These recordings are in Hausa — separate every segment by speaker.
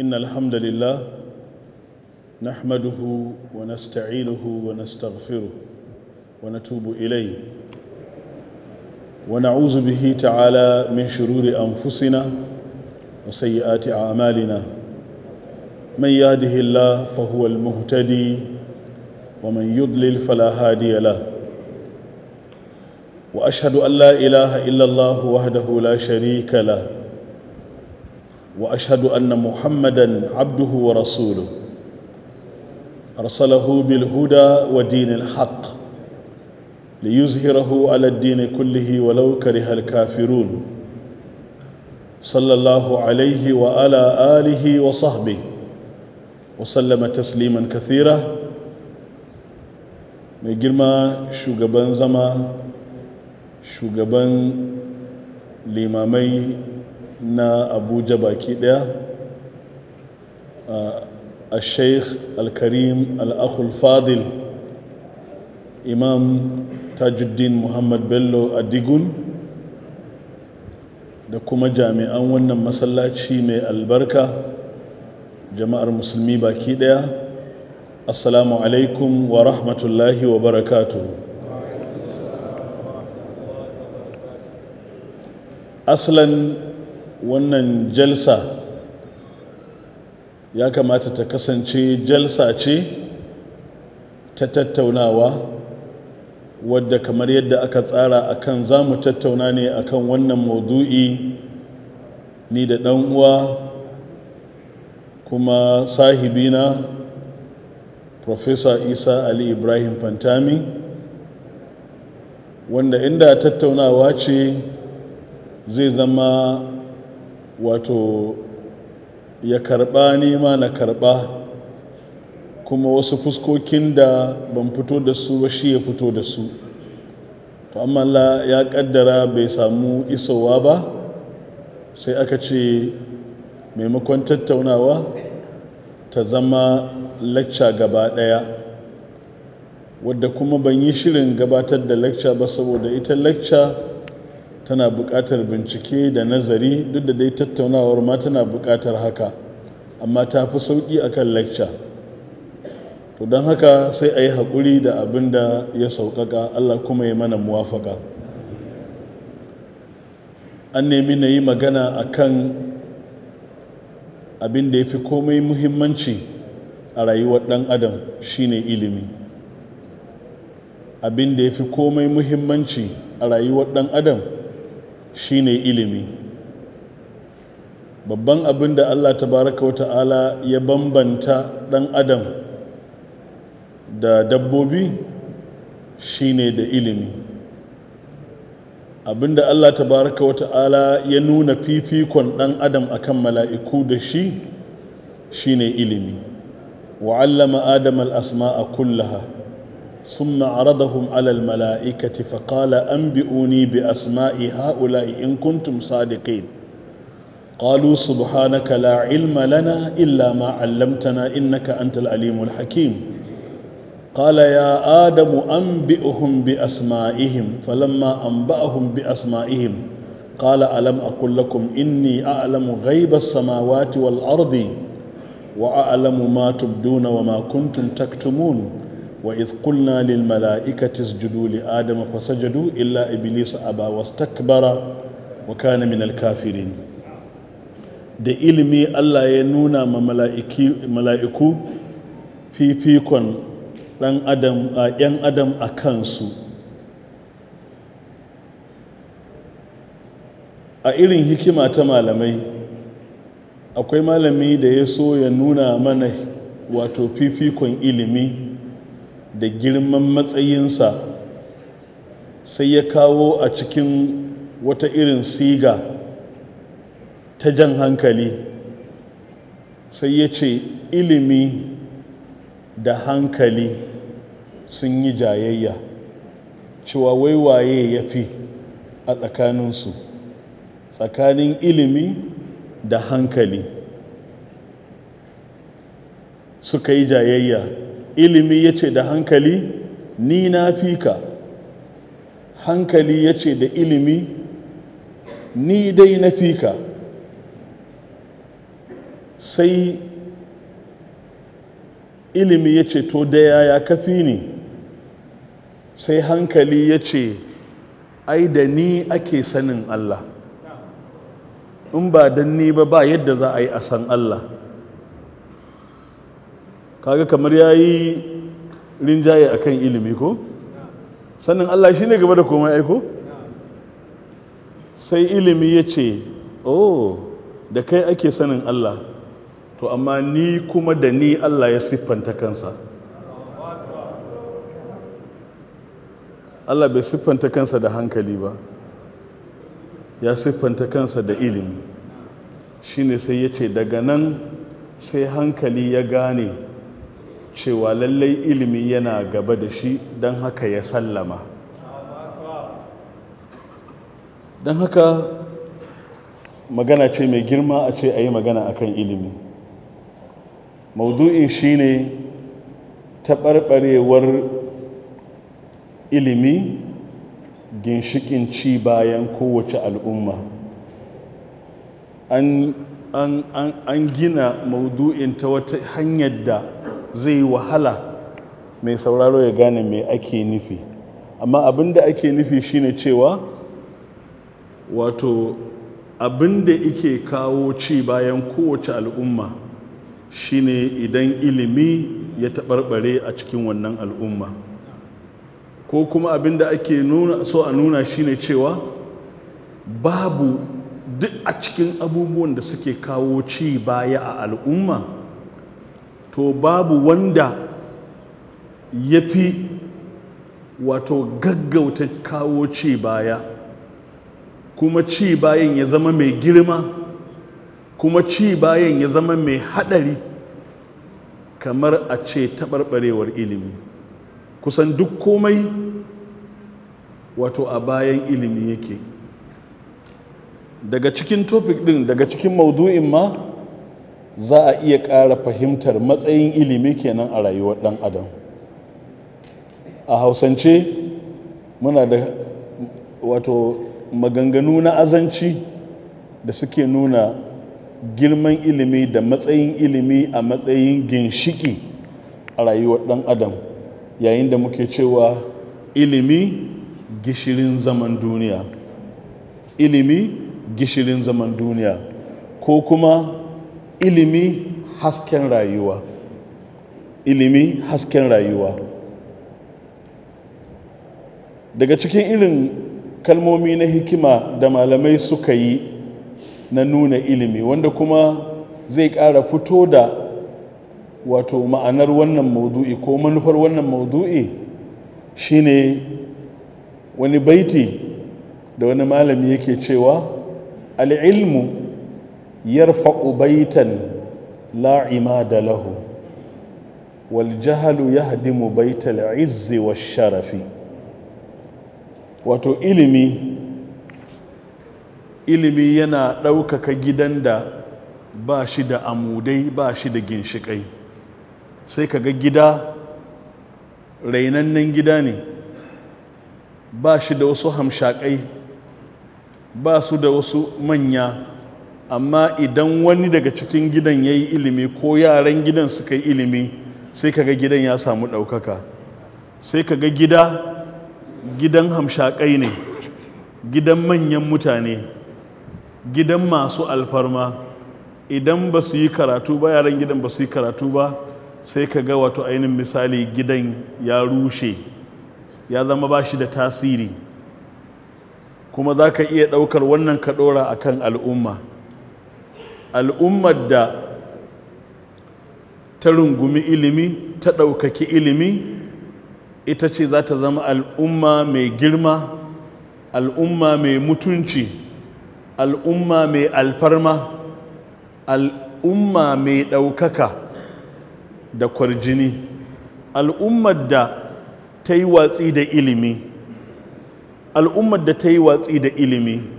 Speaker 1: إن الحمد لله نحمده ونستعينه ونستغفره ونتوب إليه ونعوذ به تعالى من شرور أنفسنا وسيئات أعمالنا من يهده الله فهو المهتدي ومن يضلل فلا هادي له وأشهد أن لا إله إلا الله وحده لا شريك له واشهد ان محمدا عبده ورسوله ارسله بالهدى ودين الحق ليظهره على الدين كله ولو كره الكافرون صلى الله عليه وعلى اله وصحبه وسلم تسليما كثيرا mai girma shugaban zama shugaban limamai na abuja baki daya a sheikh al-karim al fadil imam tajuddin muhammad bello adigun da kuma jami'an wannan masallaci mai albarka jama'ar musulmi baki daya assalamu alaikum wa rahmatullahi wa barakatuhu aslan wannan jalsa ya kamata ta kasance jalsa ce ta tattaunawa wadda kamar yadda aka tsara akan za mu tattauna ne akan wannan maudu'i ni da ɗan uwa kuma sahibina Profesa isa ali ibrahim fantami wanda inda tattaunawa ce zai zama wato ya karba nema na karba kuma wasu fuskokin da ban fito da su ba shi ya fito da su to amma ya kaddara bai samu isowa ba sai aka ce maimakon tattaunawa ta zama lacca gaba ɗaya wadda kuma ban yi shirin gabatar da lacca ba saboda ita lacca tana buƙatar bincike da nazari duk da dai tattaunawar ma tana buƙatar haka amma ta fi sauƙi a kan lecture to don haka sai a yi haƙuri da abin da ya sauƙaƙa allah kuma ya mana muwafaƙa an nemi na yi magana a kan abin da ya fi komai muhimmanci a rayuwar ɗan adam shine ilimi abin da ya fi komai muhimmanci a rayuwar ɗan adam shine ilimi babban abin da allah tabaraka wa ta'ala ya bambanta dan adam da dabbobi shine da ilimi abin da allah tabaraka wa ta'ala ya nuna fifikon dan adam akan mala'iku da shi shine ilimi wa'allama adam asma a kullaha ثم عرضهم على الملائكة فقال أنبئوني بأسماء هؤلاء إن كنتم صادقين قالوا سبحانك لا علم لنا إلا ما علمتنا إنك أنت العليم الحكيم قال يا آدم أنبئهم بأسمائهم فلما أنبأهم بأسمائهم قال ألم أقل لكم إني أعلم غيب السماوات والأرض وأعلم ما تبدون وما كنتم تكتمون وإذ قلنا للملائكة اسجدوا لآدم فسجدوا إلا إبليس أبى واستكبر وكان من الكافرين da ilimi Allah ya nuna ma mala'iku fifikon ɗan adam a kansu a irin hikima ta malamai akwai malami da ya so ya nuna mana wato fifikon ilimi da girman matsayinsa sai ya kawo a cikin wata irin siga ta jan hankali sai ya ce ilimi da hankali sun yi jayayya cewa waiwaye ya fi a tsakaninsu tsakanin ilimi da hankali suka yi jayayya ilimi ya ce da hankali ni na fi ka hankali ya ce da ilimi ni dai na fi ka sai ilimi ya ce to da yaya kafi ni sai hankali ya ce ai da ni ake sanin Allah in ba don ni ba ba yadda za a yi a san Allah kaga kamar ya yi rinjaye a kan ilimi ko sannan allah shi ne gaba da komai aiko sai ilimi ya ce oh da kai ake sanin allah to amma ni kuma da ni allah ya siffanta kansa allah bai siffanta kansa da hankali ba ya siffanta kansa da ilimi shine sai ya ce daga nan sai hankali ya gane cewa lallai ilimi yana gaba da shi don haka ya sallama don haka magana ce mai girma a ce a yi magana akan ilimi maudu'in shi shine taɓarɓarewar ilimi ginshikin ci bayan kowace al'umma an gina maudu'in ta wata hanyar da zai wahala mai sauraro ya gane mai ake nufi amma abin da ake nufi shine cewa wato abin da ike kawo ci bayan kowace al'umma shine idan ilimi ya taɓarɓare a cikin wannan al'umma ko kuma abin da ake so a nuna shine cewa babu duk a cikin abubuwan da suke kawo ci baya a al'umma to babu wanda ya fi wato gaggauta kawo ci baya kuma ci bayan ya zama mai girma kuma ci bayan ya zama mai haɗari kamar a ce taɓarɓarewar ilimi kusan duk komai wato a bayan ilimi yake daga cikin topic ɗin daga cikin maudu'in ma za a iya ƙara fahimtar matsayin ilimi kenan a rayuwar ɗan adam a hausance muna da wato maganganu na azanci da suke nuna girman ilimi da matsayin ilimi a matsayin ginshiki a rayuwar ɗan adam yayin da muke cewa ilimi gishirin zaman duniya ilimi gishirin zaman duniya ko kuma ilimi hasken rayuwa ilimi hasken rayuwa daga cikin irin kalmomi na hikima da malamai suka yi na nuna ilimi wanda kuma zai ƙara fito da wato ma'anar wannan maudu'i ko manufar wannan maudu'i shine wani baiti da wani malami yake cewa al'ilmu yarfa'u baitan la'ima da lahu wal jahalu yahdimu baital izzi wash sharafi wato ilimi ilimi yana ɗaukaka gidan da ba shi da amudai ba shi da ginshiƙai sai ka ga gida rainannen gida ne ba shi da wasu hamshaƙai ba su da wasu manya amma idan wani daga cikin gidan ya yi ilimi ko yaran gidan suka yi ilimi sai kaga gidan ya samu ɗaukaka sai kaga gida gidan hamshakai ne gidan manyan mutane gidan masu alfarma idan ba su yi karatu ba yaran gidan ba su yi karatu ba sai kaga wato ainihin misali gidan ya rushe ya zama ba shi da tasiri kuma za ka iya ɗaukar wannan ka ɗora a kan al'umma al'ummar da ta rungumi ilimi ta ɗaukaki ilimi ita ce za ta zama al'umma mai girma al'umma mai mutunci al'umma mai alfarma al'umma mai ɗaukaka da kwarjini al'ummar da ta yi watsi da ilimi al'ummar da ta yi watsi da ilimi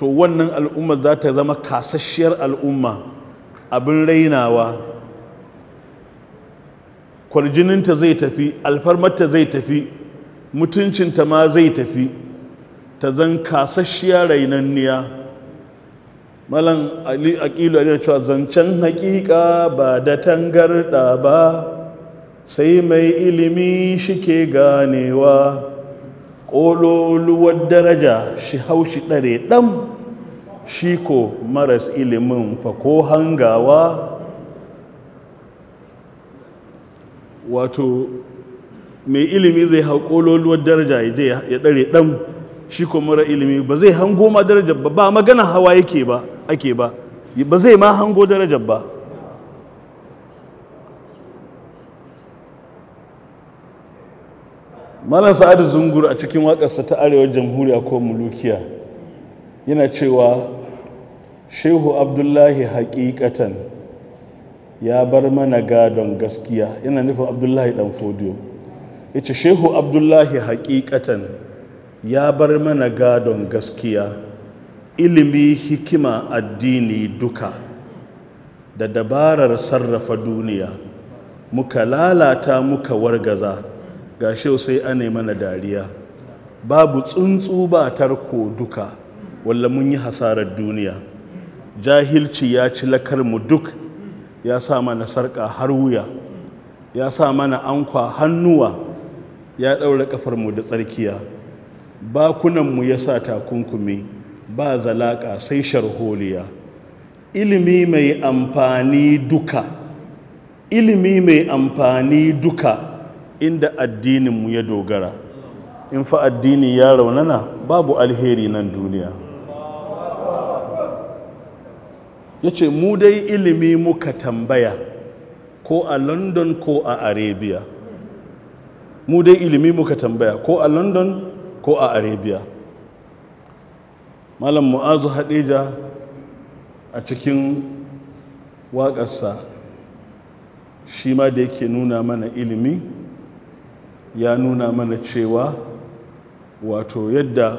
Speaker 1: to wannan al'ummar za ta zama kasasshiyar al'umma abin rainawa kwarjininta zai tafi alfarmarta zai tafi mutuncinta ma zai tafi ta zan kasashiya rainanniya malam ali aqilu a cewa zancen hakika ba da tangarda ba sai mai ilimi shike ganewa ƙololuwar daraja shi haushi ɗare ɗan shi ko maras ilimin fa ko hangawa wato mai ilimi zai hau ƙololuwar daraja ya ɗare ɗan shi ko mara ilimi ba zai hango ma darajar ba ba magana hawa yake ba ake ba ba zai ma hango darajar ba malam sa'adu zungur a cikin waƙarsa ta arewa jamhuriya ko mulukiya yana cewa shehu abdullahi hakikatan ya bar mana gadon gaskiya yana nufin abdullahi dan fodiyo ya ce shehu abdullahi hakikatan ya bar mana gadon gaskiya ilimi hikima addini duka da dabarar sarrafa duniya muka lalata muka wargaza ga shi sai ana mana dariya babu tsuntsu ba tarko duka walla mun yi hasarar duniya jahilci ya ci lakar mu duk ya sa mana sarƙa har wuya ya sa mana ankwa hannuwa ya ɗaura ƙafarmu da tsarkiya mu ya sa takunkumi ba zalaƙa sai sharholiya ilimi mai amfani duka ilimi mai amfani duka inda addininmu ya dogara in fa addini ya raunana babu alheri nan duniya ya ce mu dai ilimi muka tambaya ko a london ko a arabia mu dai ilimi muka tambaya ko a london ko a arabia malam mu'azu hadija a cikin waƙarsa shi ma da yake nuna mana ilimi ya nuna mana cewa wato yadda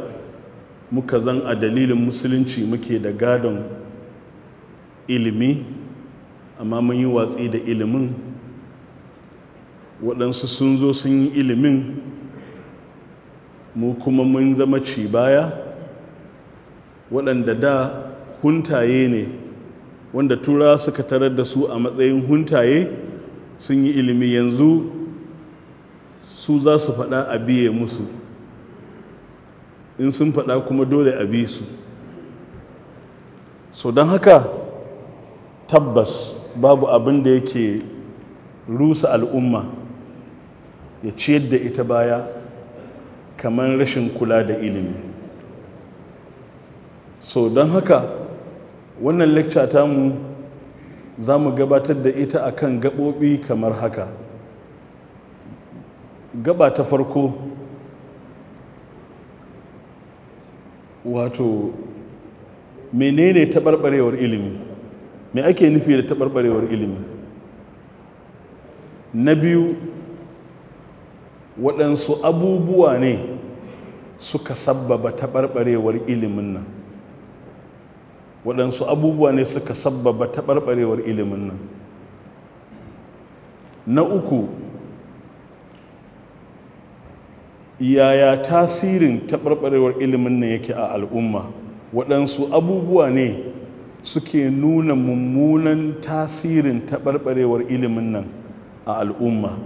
Speaker 1: muka zan a dalilin musulunci muke da gadon ilimi amma mun yi watsi da ilimin waɗansu sun zo sun yi ilimin mu kuma mun zama ci baya waɗanda da huntaye ne wanda tura suka tarar da su a matsayin huntaye sun yi ilimi yanzu su za su faɗa a biye musu in sun faɗa kuma dole a bi su so don haka tabbas babu abin da yake rusa al'umma ya ciyar da ita baya kamar rashin kula da ilimi so don haka wannan lecture tamu za mu gabatar da ita akan gaɓoɓi kamar haka gaba ta farko wato menene taɓarɓarewar ilimi me ake nufi da taɓarɓarewar ilimi na biyu waɗansu abubuwa ne suka sabbaba taɓarɓarewar ilimin nan waɗansu abubuwa ne suka sabbaba taɓarɓarewar ilimin nan na uku yaya tasirin taɓarɓarewar ilimin nan yake a al'umma waɗansu abubuwa ne suke nuna mummunan tasirin taɓarɓarewar ilimin nan a al'umma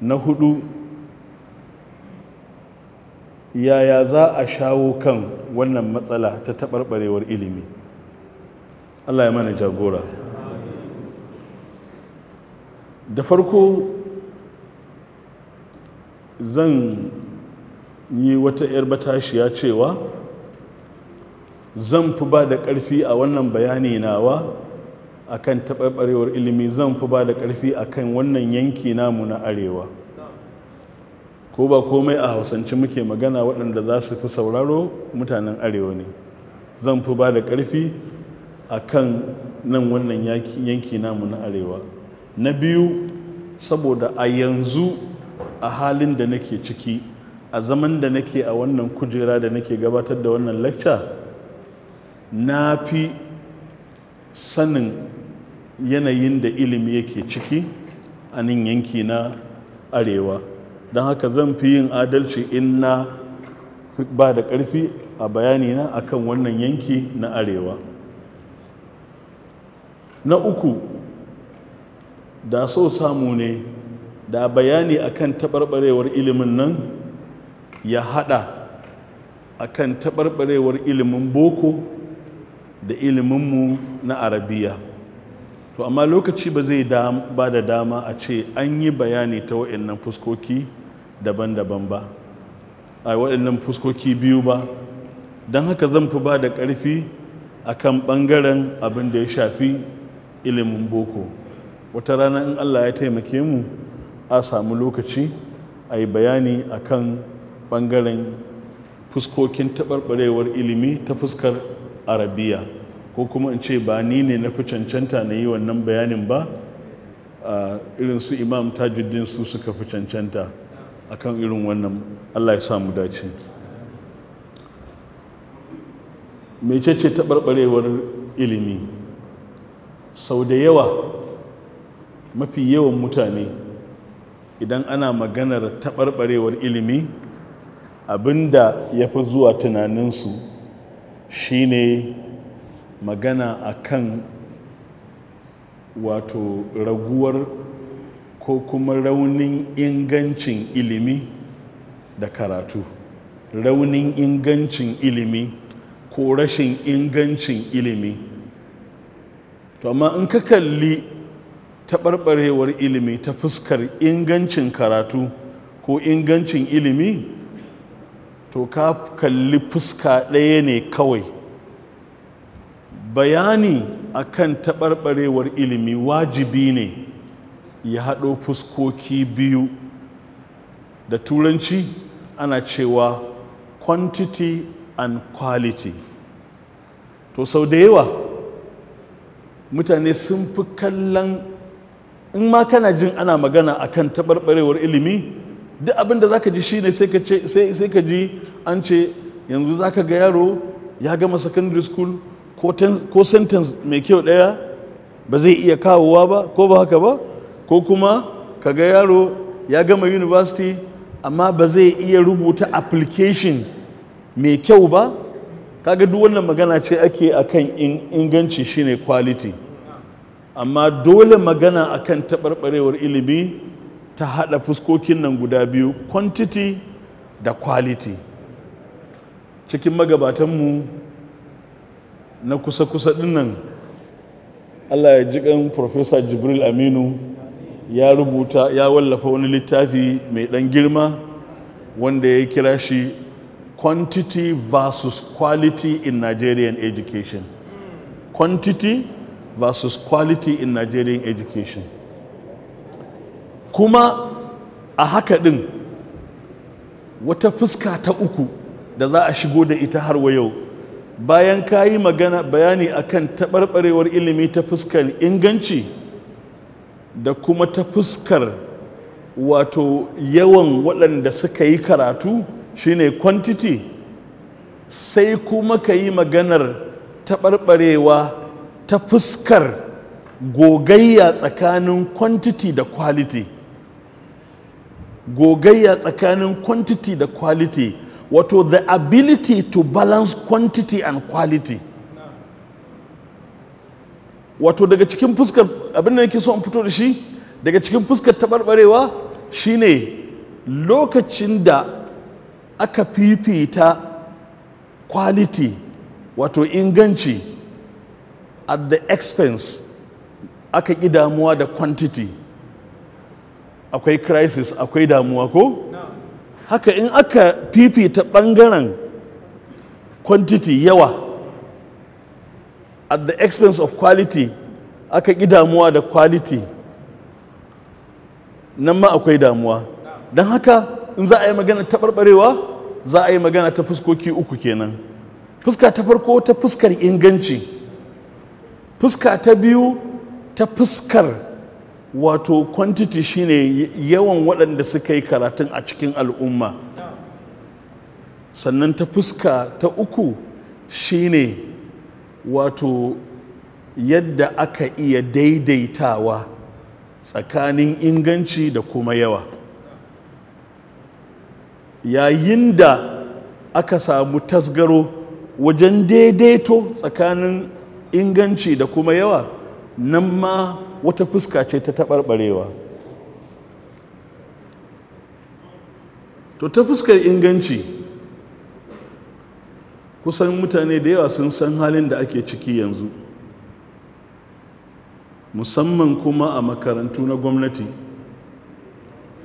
Speaker 1: na hudu yaya za a shawo kan wannan matsala ta taɓarɓarewar ilimi allah ya mana jagora da farko zan yi wata 'yar batashiya cewa zan fi ba da ƙarfi a wannan bayani nawa akan taɓarɓarewar ilimi zan fi ba da ƙarfi kan wannan yanki namu na arewa ko ba komai a hausance muke magana waɗanda za su fi sauraro mutanen arewa ne zan fi ba da ƙarfi kan nan wannan yanki namu na arewa na biyu saboda a yanzu a halin da nake ciki a zaman da nake a wannan kujera da nake gabatar da wannan lecture na fi sanin yanayin da ilimi yake ciki a nan yanki na arewa don haka zan fi yin adalci in na ba da ƙarfi a bayanina a kan wannan yanki na arewa na uku da so samu ne da bayani akan taɓarɓarewar ilimin nan ya haɗa akan taɓarɓarewar ilimin boko da iliminmu na arabiya to amma lokaci ba zai ba da dama a ce an yi bayani ta waɗannan fuskoki daban-daban ba a waɗannan fuskoki biyu ba don haka zan fi ba da ƙarfi a kan ɓangaren abin da ya shafi ilimin boko wata rana in allah ya taimake mu a samu lokaci a yi bayani a kan ɓangaren fuskokin taɓarɓarewar ilimi ta fuskar arabiya ko kuma in ce ba ni ne na fi cancanta na yi wannan bayanin ba irin su imam tajuddin su suka fi cancanta a kan irin wannan allah ya samu dace mecece taɓarɓarewar ilimi sau da yawa mafi yawan mutane idan ana maganar taɓarɓarewar ilimi abin da ya fi zuwa tunaninsu shine magana a kan wato raguwar ko kuma raunin ingancin ilimi da karatu raunin ingancin ilimi ko rashin ingancin ilimi to amma in ka kalli taɓarɓarewar ilimi ta fuskar ingancin karatu ko ingancin ilimi to ka kalli fuska ɗaya ne kawai bayani akan taɓarɓarewar ilimi wajibi ne ya haɗo fuskoki biyu da turanci ana cewa quantity and quality to sau da yawa mutane sun fi kallon in ma kana jin ana magana akan taɓarɓarewar ilimi duk abin da za ka ji shine sai ka sai ka ji an ce yanzu za ka ga yaro ya gama secondary school ko sentence mai kyau ɗaya ba zai iya kawowa ba ko ba haka ba ko kuma ka ga yaro ya gama university amma ba zai iya rubuta application mai kyau ba kaga duk wannan magana ce ake akan inganci shine quality amma dole magana akan taɓarɓarewar ilimi ta haɗa fuskokin nan guda biyu quantity da quality cikin magabatanmu na kusa-kusa dinnan allah ya ji kan professor jibril aminu ya rubuta ya wallafa wani littafi mai ɗan girma wanda ya kira shi quantity versus quality in nigerian education quantity versus quality in Nigerian education kuma a haka ɗin wata fuska ta uku da za a shigo da ita har wa yau bayan ka yi magana bayani akan taɓarɓarewar ilimi ta fuskar inganci da kuma ta fuskar wato yawan waɗanda suka yi karatu shine kwantiti sai kuma ka yi maganar taɓarɓarewa ta fuskar gogayya tsakanin quantity da quality gogayya tsakanin quantity da quality wato the ability to balance quantity and quality wato daga cikin fuskar abin da nake so in fito da shi daga cikin fuskar taɓarɓarewa shine lokacin da aka fifita quality wato inganci at the expense aka ƙi damuwa da quantity akwai crisis akwai damuwa ko? haka in aka fifita ɓangaren quantity yawa at the expense of quality aka ƙi damuwa da quality nan ma akwai damuwa don haka in za a yi magana ta ɓarɓarewa za a yi magana ta fuskoki uku kenan fuska ta farko ta fuskar inganci fuska ta biyu ta fuskar wato quantity shine yawan waɗanda suka yi karatun a cikin al'umma sannan ta fuska ta uku shine wato yadda aka iya daidaitawa tsakanin inganci da kuma yawa yayin da aka samu tasgaro wajen daidaito tsakanin inganci da kuma yawa nan ma wata fuska ce ta taɓarɓarewa to ta fuskar inganci kusan mutane da yawa sun san halin da ake ciki yanzu musamman kuma a makarantu na gwamnati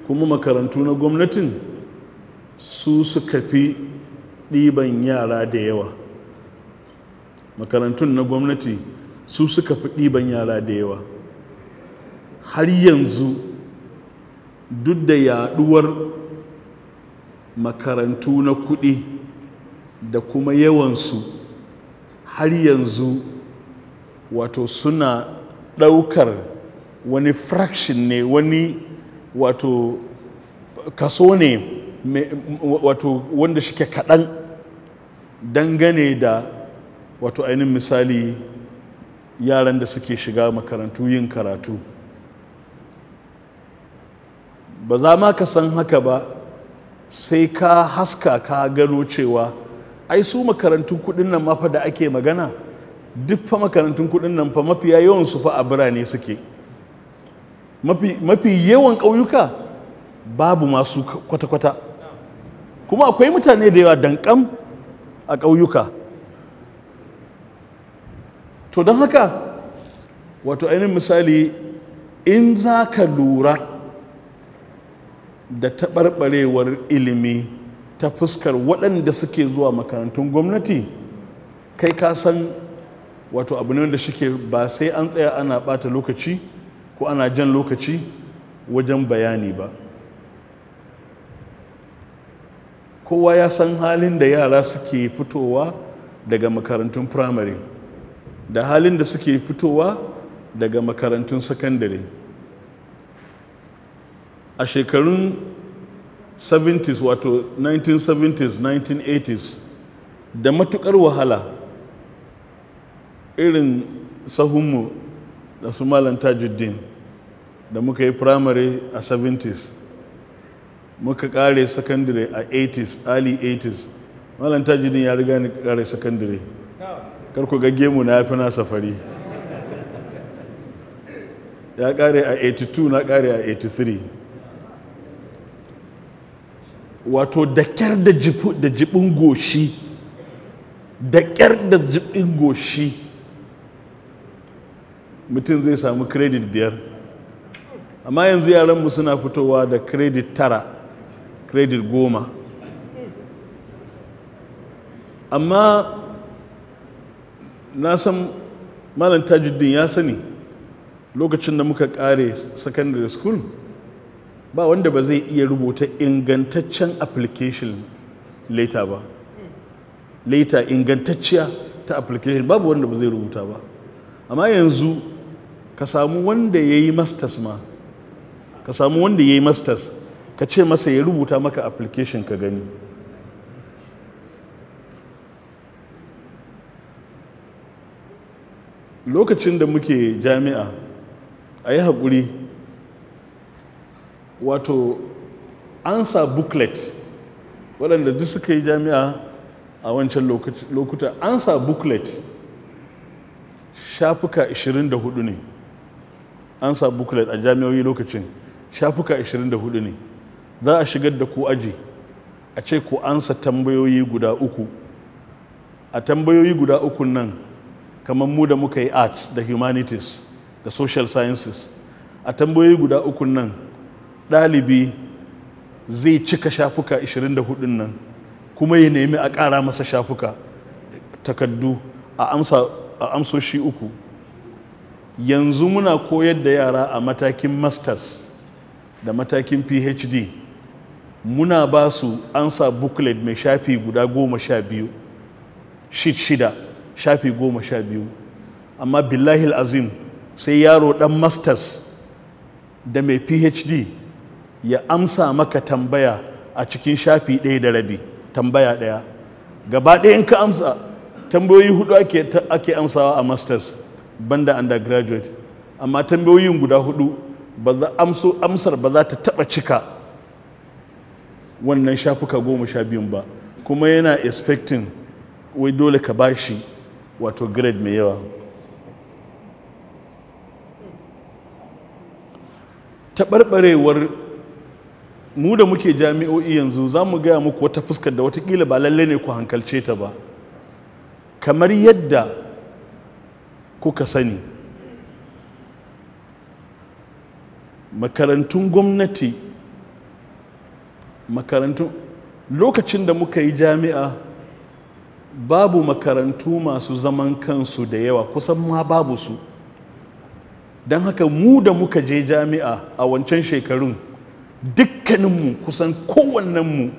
Speaker 1: kuma makarantu na gwamnatin su suka fi ɗiban yara da yawa makarantun na gwamnati su suka fi ɗiban yara da yawa har yanzu duk da yaɗuwar makarantu na kuɗi da kuma yawansu har yanzu wato suna ɗaukar wani fraction ne wani wato kaso ne wato wanda shike kaɗan dangane da wato ainihin misali yaran da suke shiga makarantu yin karatu ba za ma ka san haka ba sai ka haska ka gano cewa ai su makarantun kudin nan mafa da ake magana duk fa makarantun kudin nan fa mafiya yawan su fa a birane suke mafi yawan ƙauyuka babu masu kwata-kwata kuma akwai mutane da yawa dankam a ƙauyuka to don haka wato ainihin misali in za ka lura da taɓarɓarewar ilimi ta fuskar waɗanda suke zuwa makarantun gwamnati kai ka san wato abu ne wanda shike ba sai an tsaya ana ɓata lokaci ko ana jan lokaci wajen bayani ba kowa ya san halin da yara suke fitowa daga makarantun firamare da halin da suke fitowa daga makarantun sakandare a shekarun 70s wato 1970s 1980s da matukar wahala irin sahunmu da su malam tajuddin da muka yi primary a 70s muka kare secondary a 80s early 80s malam din ya riga ni kare sakandare. kar ku gage mu na fi na safari ya kare a 82 na kare a 83 wato da kyar da jibin goshi da kyar da jibin goshi mutum zai samu kredit biyar amma yanzu yaranmu suna fitowa da kredit tara kredit goma amma na san malam tajuddin ya sani lokacin da muka kare secondary school ba wanda ba zai iya rubuta ingantaccen application later ba later ingantacciya ta application babu wanda ba zai rubuta ba amma yanzu ka samu wanda ya yi masters ma ka samu wanda ya yi masters ka ce masa ya rubuta maka application ka gani lokacin da muke jami'a a yi haƙuri wato ansa booklet waɗanda duk suka yi jami'a a wancan lokuta ansa booklet shafuka 24 ne ansa booklet a jami'oyi lokacin shafuka 24 ne za a shigar da ku aji a ce ku ansa tambayoyi guda uku a tambayoyi guda uku nan kamar mu da muka yi arts da humanities da social sciences a tambayoyi guda ukun nan ɗalibi zai cika shafuka 24 nan kuma ya nemi a ƙara masa shafuka takaddu a amsoshi uku yanzu muna koyar da yara a matakin masters da matakin phd muna ba su ansa booklet mai shafi guda goma sha biyu shida shafi goma sha biyu amma billahi azim sai yaro dan masters da mai phd ya amsa maka tambaya a cikin shafi ɗaya da rabi tambaya ɗaya gaba ɗaya in ka amsa tambayoyi hudu ake, ake amsawa a masters banda undergraduate amma tambayoyin guda hudu amsar ba za ta taba cika wannan shafuka goma sha biyun ba kuma yana expecting wai dole ka bashi wato grade mai yawa taɓarɓarewar mu da muke jami'o'i yanzu za mu gaya muku wata fuskar da watakila ba lalle ne ku hankalce ta ba kamar yadda kuka sani makarantun gwamnati makarantun lokacin da muka yi jami'a babu makarantu masu zaman kansu da yawa kusan ma babu su don haka mu da muka je jami'a a wancan shekarun dukkaninmu kusan kowannenmu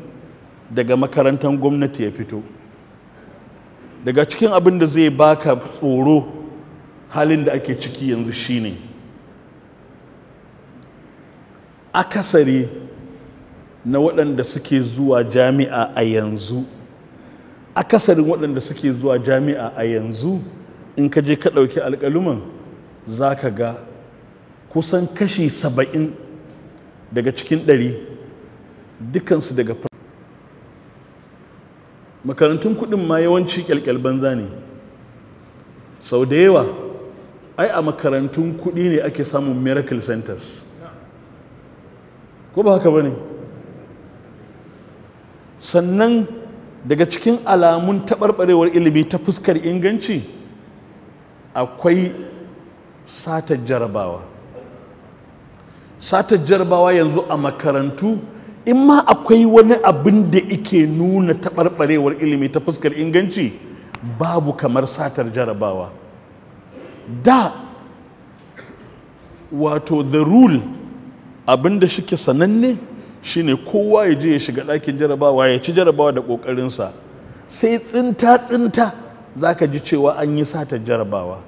Speaker 1: daga makarantar gwamnati ya fito daga cikin abin da zai baka tsoro halin da ake ciki yanzu shine akasari na waɗanda suke zuwa jami'a a yanzu akasarin waɗanda suke zuwa jami'a a yanzu in ka je ka ɗauki alƙaluman za ka ga kusan kashi saba'in daga cikin ɗari dukansu daga makarantun kuɗin ma yawanci ƙyalƙyal banza ne sau da yawa ai a makarantun kuɗi ne ake samun miracle centers ko ba haka ba ne sannan daga cikin alamun taɓarɓarewar ilimi ta fuskar inganci akwai satar jarabawa satar jarabawa yanzu a makarantu in ma akwai wani abin da ike nuna taɓarɓarewar ilimi ta fuskar inganci babu kamar satar jarabawa da wato the rule abin da shike sananne Shi ne kowa ya je ya shiga ɗakin jarabawa ya ci jarabawa da ƙoƙarinsa sai tsinta tsinta za ka ji cewa an yi satar jarabawa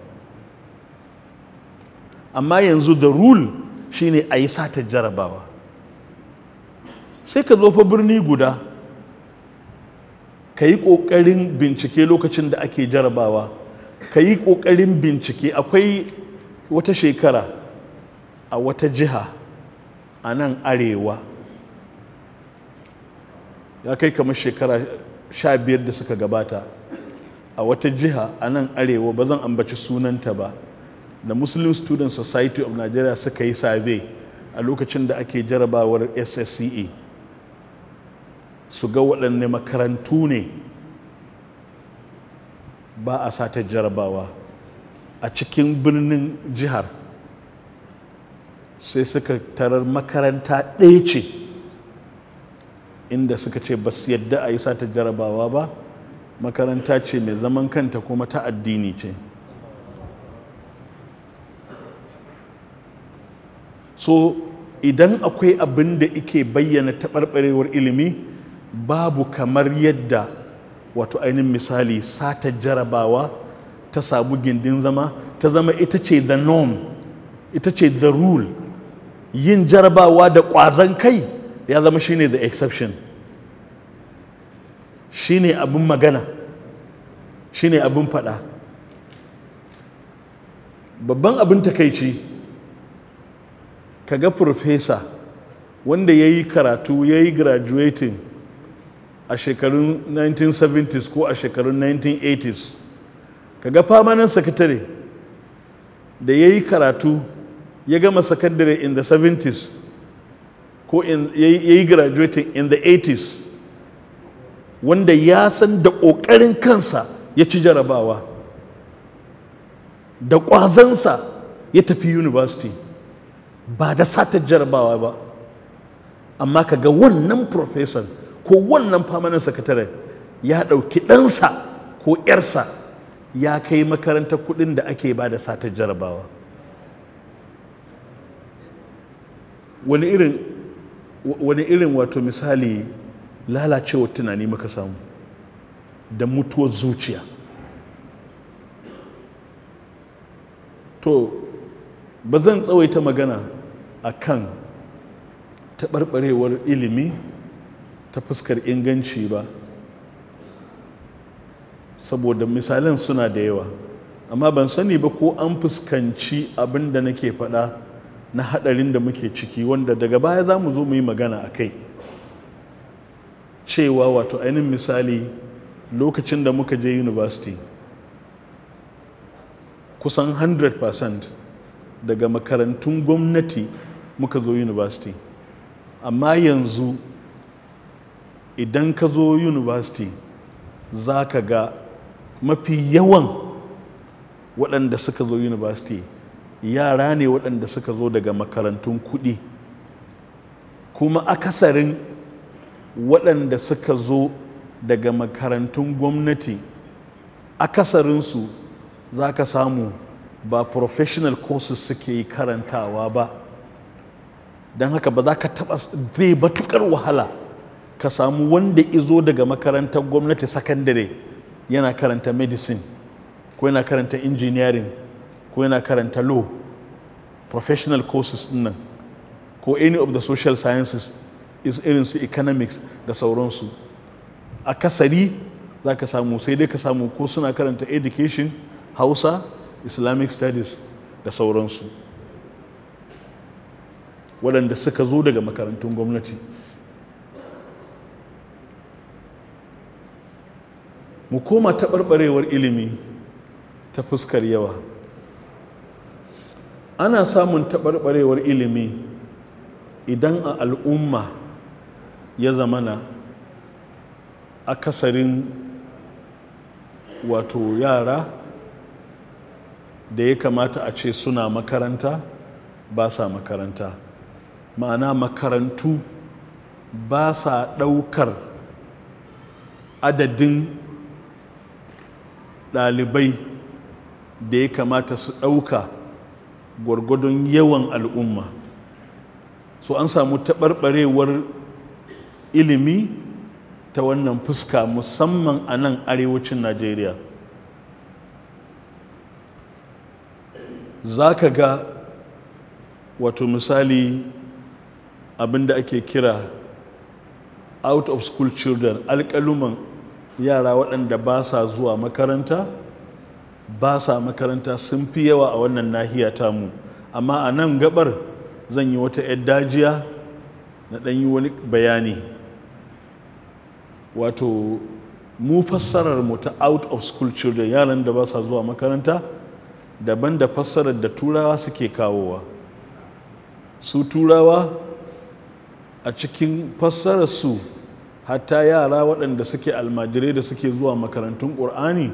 Speaker 1: amma yanzu da rule shi ne a yi satar jarabawa sai ka zo fa birni guda ka yi ƙoƙarin bincike lokacin da ake jarabawa ka yi ƙoƙarin bincike akwai wata shekara a wata jiha a nan arewa ya kai kamar shekara sha biyar da suka gabata a wata jiha a nan arewa ba zan ambaci sunanta ba da muslim student society of nigeria suka yi sabe a lokacin da ake jarabawar ssca su ga waɗanne makarantu ne ba a sata jarabawa a cikin birnin jihar sai suka tarar makaranta ɗaya ce inda suka ce ba su yadda a yi sata jarabawa ba makaranta ce mai zaman kanta kuma ta addini ce so idan akwai abin da ike bayyana taɓarɓarewar ilimi babu kamar yadda wato ainihin misali sata jarabawa ta samu gindin zama ta zama ita ce the norm ita ce the rule yin jarabawa da ƙwazon kai ya zama shi ne da exception shi ne abin magana shi ne abin fada babban abin takaici kaga profesa wanda ya yi karatu ya yi graduating a shekarun 1970s ko a shekarun 1980s kaga permanent secretary da ya yi karatu ya gama sakandare in the 70s ko ya yi graduating in the 80s wanda ya san da ƙoƙarin kansa ya ci jarabawa da ƙwazansa ya tafi university ba da satar jarabawa ba amma ka ga wannan professor ko wannan permanent secretary ya ɗauki ɗansa ko ‘yarsa ya kai makarantar kuɗin da ake ba da satar jarabawa wani irin wani irin wato misali lalacewar tunani muka samu da mutuwar zuciya to ba zan tsawaita magana a kan taɓarɓarewar ilimi ta fuskar inganci ba saboda misalan suna da yawa amma ban sani ba ko an fuskanci abin da nake faɗa na hadarin da muke ciki wanda daga baya za mu zo mu yi magana a kai cewa wato ainihin misali lokacin da muka je university kusan 100% daga makarantun gwamnati muka zo university amma yanzu idan ka zo university za ka ga mafi yawan waɗanda suka zo university yara ne waɗanda suka zo daga makarantun kuɗi kuma akasarin waɗanda suka zo daga makarantun gwamnati akasarinsu za ka samu ba professional courses suke yi karantawa ba don haka ba za ka taɓa zai batukar wahala ka samu wanda izo daga makarantar gwamnati sakandare yana karanta medicine ko yana karanta engineering ko yana karanta law professional courses nan ko any of the social sciences irin su economics da sauransu akasari za ka samu sai dai ka samu ko suna karanta education hausa islamic studies da sauransu waɗanda suka zo daga makarantun gwamnati mu koma taɓarɓarewar ilimi ta fuskar yawa ana samun taɓarɓarewar ilimi idan a al'umma ya zamana akasarin wato yara da ya kamata a ce suna makaranta ba sa makaranta ma'ana makarantu ba sa ɗaukar adadin ɗalibai da ya kamata su ɗauka gwargwadon yawan al'umma so an samu taɓarɓarewar ilimi ta wannan fuska musamman a nan arewacin najeriya za ka ga wato misali abinda ake kira out of school children alƙaluman yara waɗanda ba sa zuwa makaranta ba sa makaranta sun fi yawa a wannan nahiya mu. amma a nan gabar zan yi wata 'yar dajiya na ɗan yi wani bayani wato mu fassarar mu ta out of school children yaran da ba sa zuwa makaranta daban da fassarar da turawa suke kawowa su turawa a cikin fassararsu hatta yara waɗanda suke almajirai da suke zuwa makarantun ƙur'ani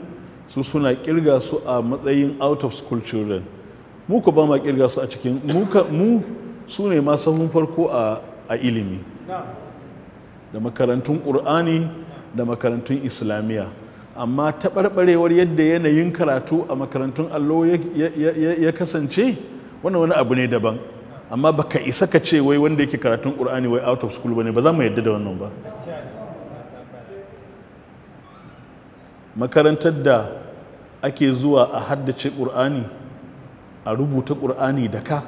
Speaker 1: su suna kirga su a matsayin out of school children mu ko ba ma kirga su a cikin mu su ne ma sahun farko a a ilimi da makarantun ƙur'ani da makarantun islamiya amma taɓarɓarewar yadda yanayin karatu a makarantun allo ya kasance wannan wani abu ne daban amma baka isa ka ce wai wanda yake karatun ƙur'ani wai out of school ba ne ba za mu yadda da wannan ba makarantar da ake zuwa a haddace ƙur'ani a rubuta ƙur'ani da ka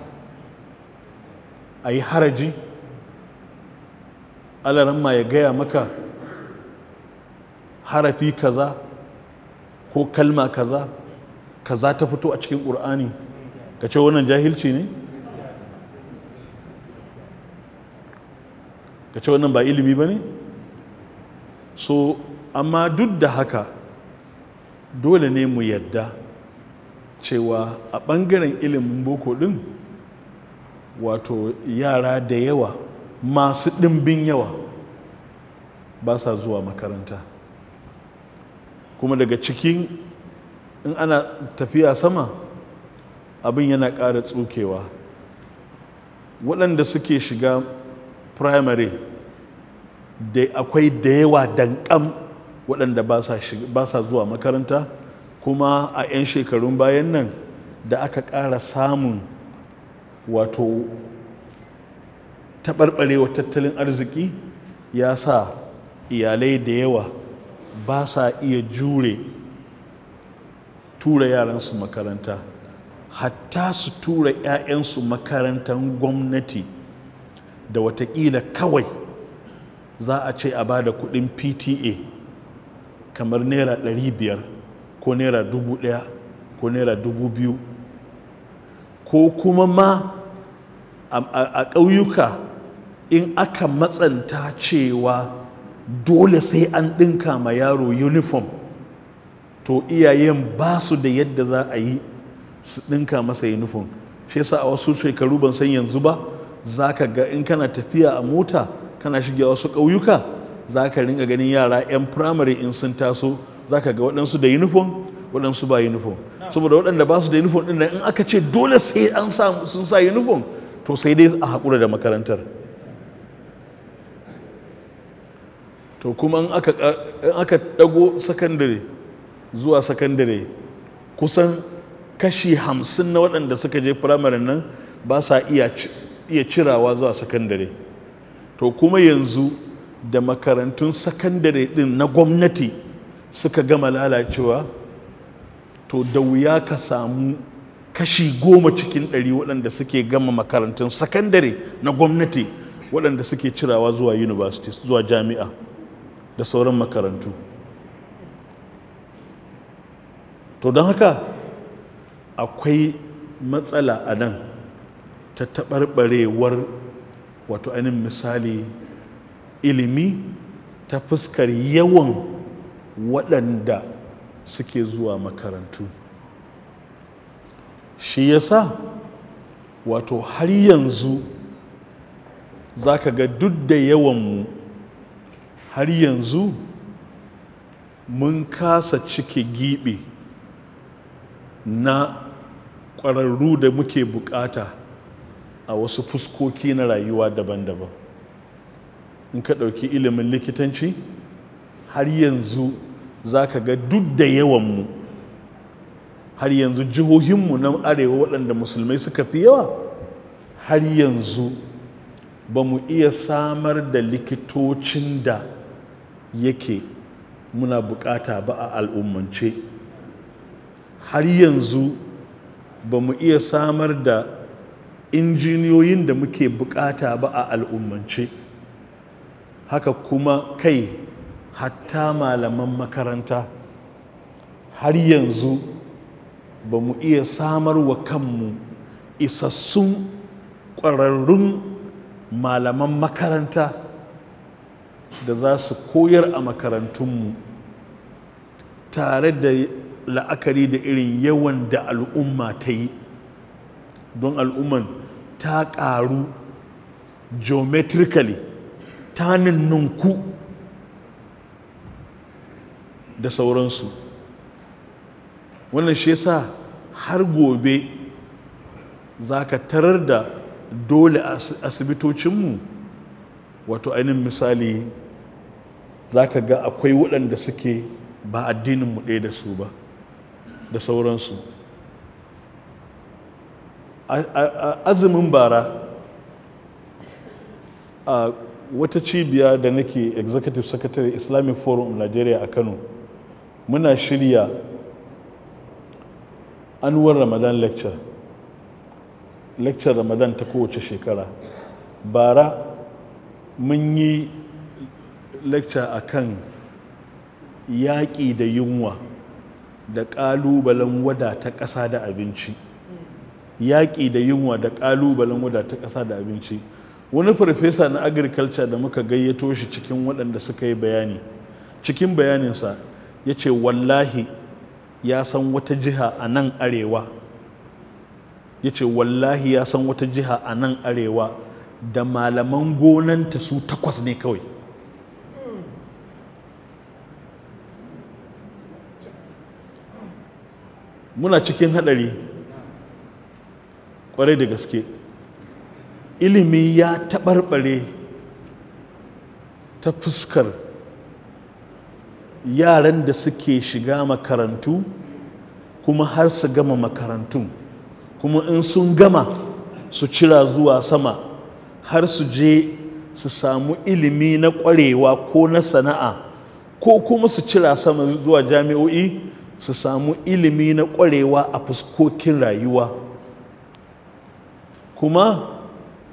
Speaker 1: a yi haraji alaramma ya gaya maka harafi kaza ko kalma kaza kaza ta fito a cikin ƙur'ani ka ce wannan jahilci ne ka ce wannan ba ilimi ba ne so amma duk da haka dole ne mu yadda cewa a ɓangaren ilimin boko ɗin wato yara da yawa masu ɗimbin yawa ba sa zuwa makaranta kuma daga cikin in ana tafiya sama abin yana ƙara tsukewa waɗanda suke shiga primary da akwai da yawa danƙam waɗanda ba sa zuwa makaranta kuma a 'yan shekarun bayan nan da aka ƙara samun wato taɓarɓarewa tattalin arziki ya sa iyalai da yawa ba sa iya jure tura yaransu makaranta hatta su tura 'ya'yansu makarantar gwamnati da watakila kawai za a ce a ba da kuɗin pta kamar naira 500 ko naira 1000 ko naira 2000 ko kuma ma a ƙauyuka in aka matsanta cewa dole sai an ɗinka ma yaro uniform to iyayen ba su da yadda za a yi su ɗinka masa uniform shi yasa a wasu shekaru ban san yanzu ba za ka ga in kana tafiya a mota kana shiga wasu ƙauyuka za ka ringa ganin yara 'yan firamare in sun taso za ka ga waɗansu da uniform waɗansu ba uniform. saboda waɗanda ba su da uniform ɗin in aka ce dole sai an sa sun sa uniform. to sai dai a haƙura da makarantar to kuma in aka ɗago sakandare zuwa sakandare kusan kashi hamsin na waɗanda suka je firamare nan ba sa iya cirawa zuwa sakandare to kuma yanzu da makarantun sakandare ɗin na gwamnati suka gama lalacewa to da wuya ka samu kashi goma cikin ɗari waɗanda suke gama makarantun sakandare na gwamnati waɗanda suke cirawa zuwa universities zuwa jami'a da sauran makarantu to don haka akwai matsala a nan ta taɓarɓarewar wato ainihin misali ilimi ta fuskar yawan waɗanda suke zuwa makarantu shi ya sa wato har yanzu za ka ga duk da yawanmu har yanzu mun kasa cike giɓe na ƙwararru da muke bukata a wasu fuskoki na rayuwa daban-daban in ka ɗauki ilimin likitanci har yanzu za ka ga duk da yawanmu har yanzu jihohinmu na arewa waɗanda musulmai suka fi yawa har yanzu ba mu iya samar da likitocin da yake muna buƙata ba a al'ummance har yanzu ba mu iya samar da injiniyoyin da muke buƙata ba a al'ummance haka kuma kai hatta malaman makaranta har yanzu ba mu iya samar wa kanmu isassun ƙwararrun malaman makaranta da za su koyar a makarantunmu tare da la'akari da irin yawan da al'umma ta yi don al'umman ta ƙaru geometrically ta ninku da sauransu wannan shi yasa har gobe za ka tarar da dole asibitocinmu wato ainihin misali za ka ga akwai waɗanda suke ba addininmu ɗaya da su ba da sauransu azumin bara a wata cibiya da nake executive secretary islamic forum nigeria a kano muna shirya anuwar ramadan lecture lecture ramadan ta kowace shekara bara mun yi lecture a kan yaƙi da yunwa da ƙalubalen wada ta ƙasa da abinci yaƙi da yunwa da ƙalubalen wada ta ƙasa da abinci wani farfesa na agriculture da muka gayyato shi cikin waɗanda suka yi bayani cikin bayaninsa ya ce wallahi ya san wata jiha a nan arewa ya ce wallahi ya san wata jiha a nan arewa da malaman gonanta su takwas ne kawai muna cikin haɗari kwarai da gaske ilimi ya taɓarɓare ta fuskar yaran da suke shiga makarantu kuma har su gama makarantun kuma in sun gama su cira zuwa sama har su je su samu ilimi na ƙwarewa ko na sana'a ko kuma su cira sama zuwa jami'o'i su samu ilimi na ƙwarewa a fuskokin rayuwa kuma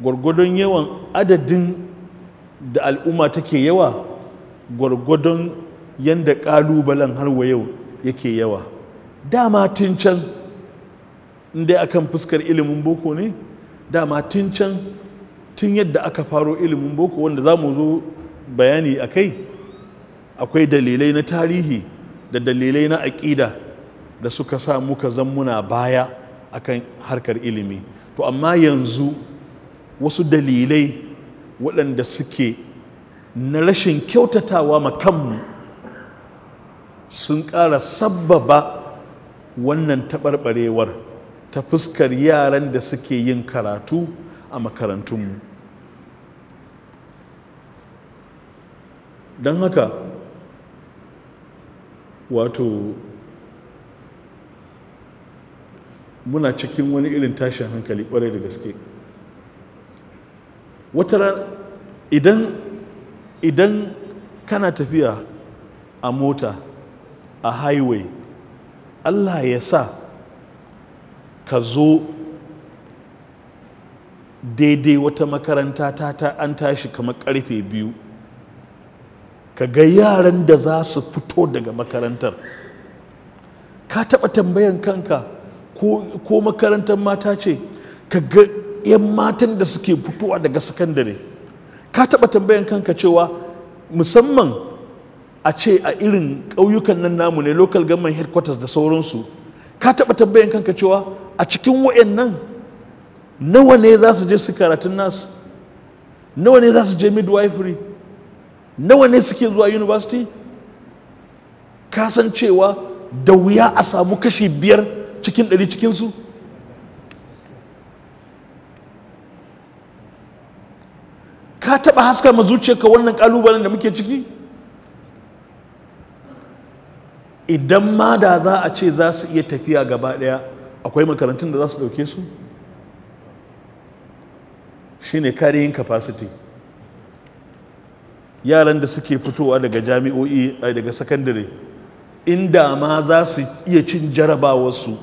Speaker 1: gwargwadon yawan adadin da al'umma take yawa gwargwadon yadda ƙalubalen har yau yake yawa dama tun can inda akan fuskar ilimin boko ne dama tun can tun yadda aka faro ilimin boko wanda za mu zo bayani a kai akwai dalilai na tarihi da dalilai na aƙida da suka sa muka zan muna baya akan harkar ilimi to amma yanzu wasu dalilai waɗanda suke na rashin kyautatawa makanmu sun ƙara sabbaba wannan taɓarɓarewar ta fuskar yaran da suke yin karatu a makarantunmu don haka wato muna cikin wani irin tashin hankali kwarai da gaske wata idan idan kana tafiya a mota a highway allah ya sa ka zo daidai wata makaranta ta ta an tashi kamar karfe biyu ka ga yaran da za su fito daga makarantar ka taɓa tambayan kanka ko makarantar mata ce ka ga 'yan matan da suke fitowa daga sakandare ka taɓa tambayan kanka cewa musamman a ce a irin ƙauyukan nan namu ne local government headquarters da sauransu ka taɓa tambayan kanka cewa a cikin wa'annan nawa ne za su je su karatun nasu nawa ne za su je midwifery nawa ne suke zuwa university ka san cewa da wuya a samu kashi biyar cikin ɗari cikinsu ka taɓa haska ma ka wannan ƙalubalen da muke ciki idan ma da za a ce za su iya tafiya gaba ɗaya akwai makarantun da za su ɗauke su shine carrying capacity yaran da suke fitowa daga jami'o'i eh, daga sakandare inda ma za su iya cin jarabawarsu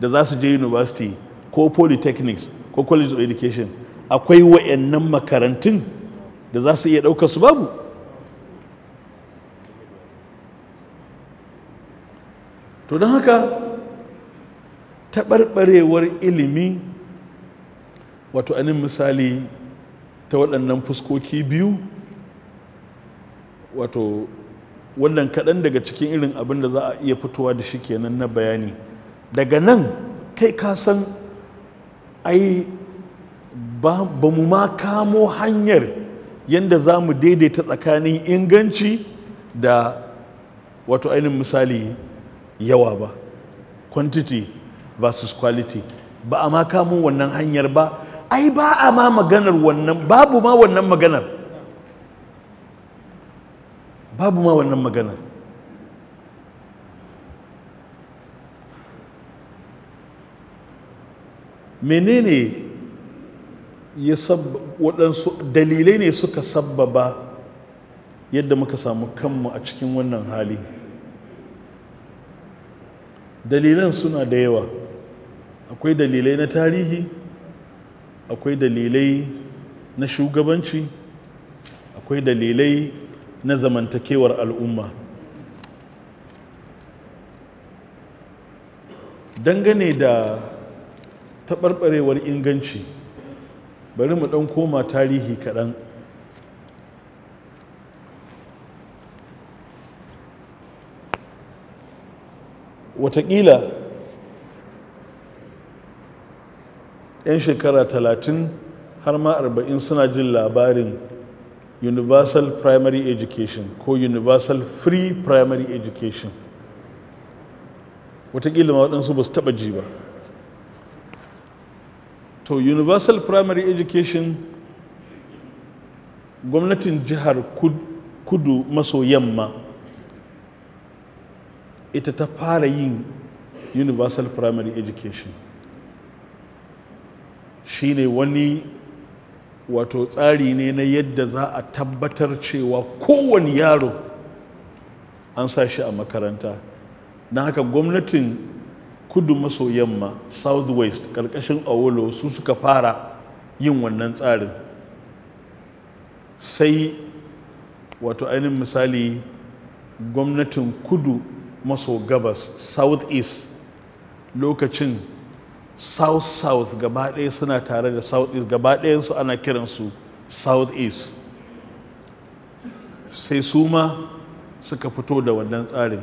Speaker 1: da za su je university ko polytechnics ko college of education akwai wa'annan makarantun da za su iya ɗaukar su babu to don haka taɓarɓarewar ilimi wato anin misali ta waɗannan fuskoki biyu wato wannan kaɗan daga cikin irin abin da za a iya fitowa da shi kenan na bayani daga nan kai ka san ai ba mu ma kamo hanyar yadda za mu daidaita tsakanin inganci da wato ainihin misali yawa ba quantity versus quality ba a ma kamo wannan hanyar ba ai ba a ma maganar wannan babu ma wannan maganar babu ma wannan maganar menene waɗansu dalilai ne suka sabbaba yadda muka samu kanmu a cikin wannan hali dalilan suna da yawa akwai dalilai na tarihi akwai dalilai na shugabanci akwai dalilai na zamantakewar al'umma dangane da taɓarɓarewar inganci bari mu ɗan koma tarihi kaɗan watakila 'yan shekara talatin har ma arba'in suna jin labarin universal primary education ko universal free primary education watakila ma waɗansu ba su taɓa ji ba to universal primary education gwamnatin jihar kudu maso yamma ita ta fara yin universal primary education shi ne wani wato tsari ne na yadda za a tabbatar cewa kowane yaro an sa shi a makaranta na haka gwamnatin kudu maso yamma south-west ƙarƙashin awolo su suka fara yin wannan tsarin sai wato ainihin misali gwamnatin kudu maso gabas south-east, lokacin south south gaba ɗaya suna tare da south-east, gaba su ana kiransu south-east, sai su ma suka fito da wannan tsarin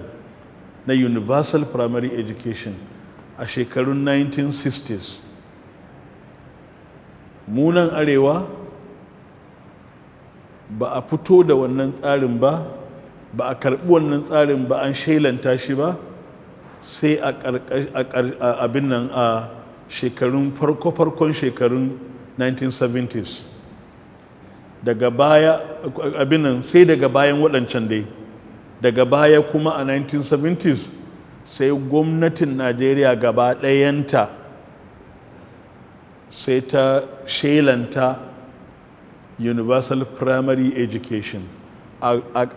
Speaker 1: na universal primary education a shekarun 1960s munan arewa ba a fito da wannan tsarin ba ba a karbi wannan tsarin ba an shailanta shi ba sai a abin nan a shekarun farko-farkon shekarun 1970s daga baya abin sai daga bayan waɗancan dai daga baya kuma a 1970s sai gwamnatin najeriya gaba ɗayanta sai ta shelanta universal primary education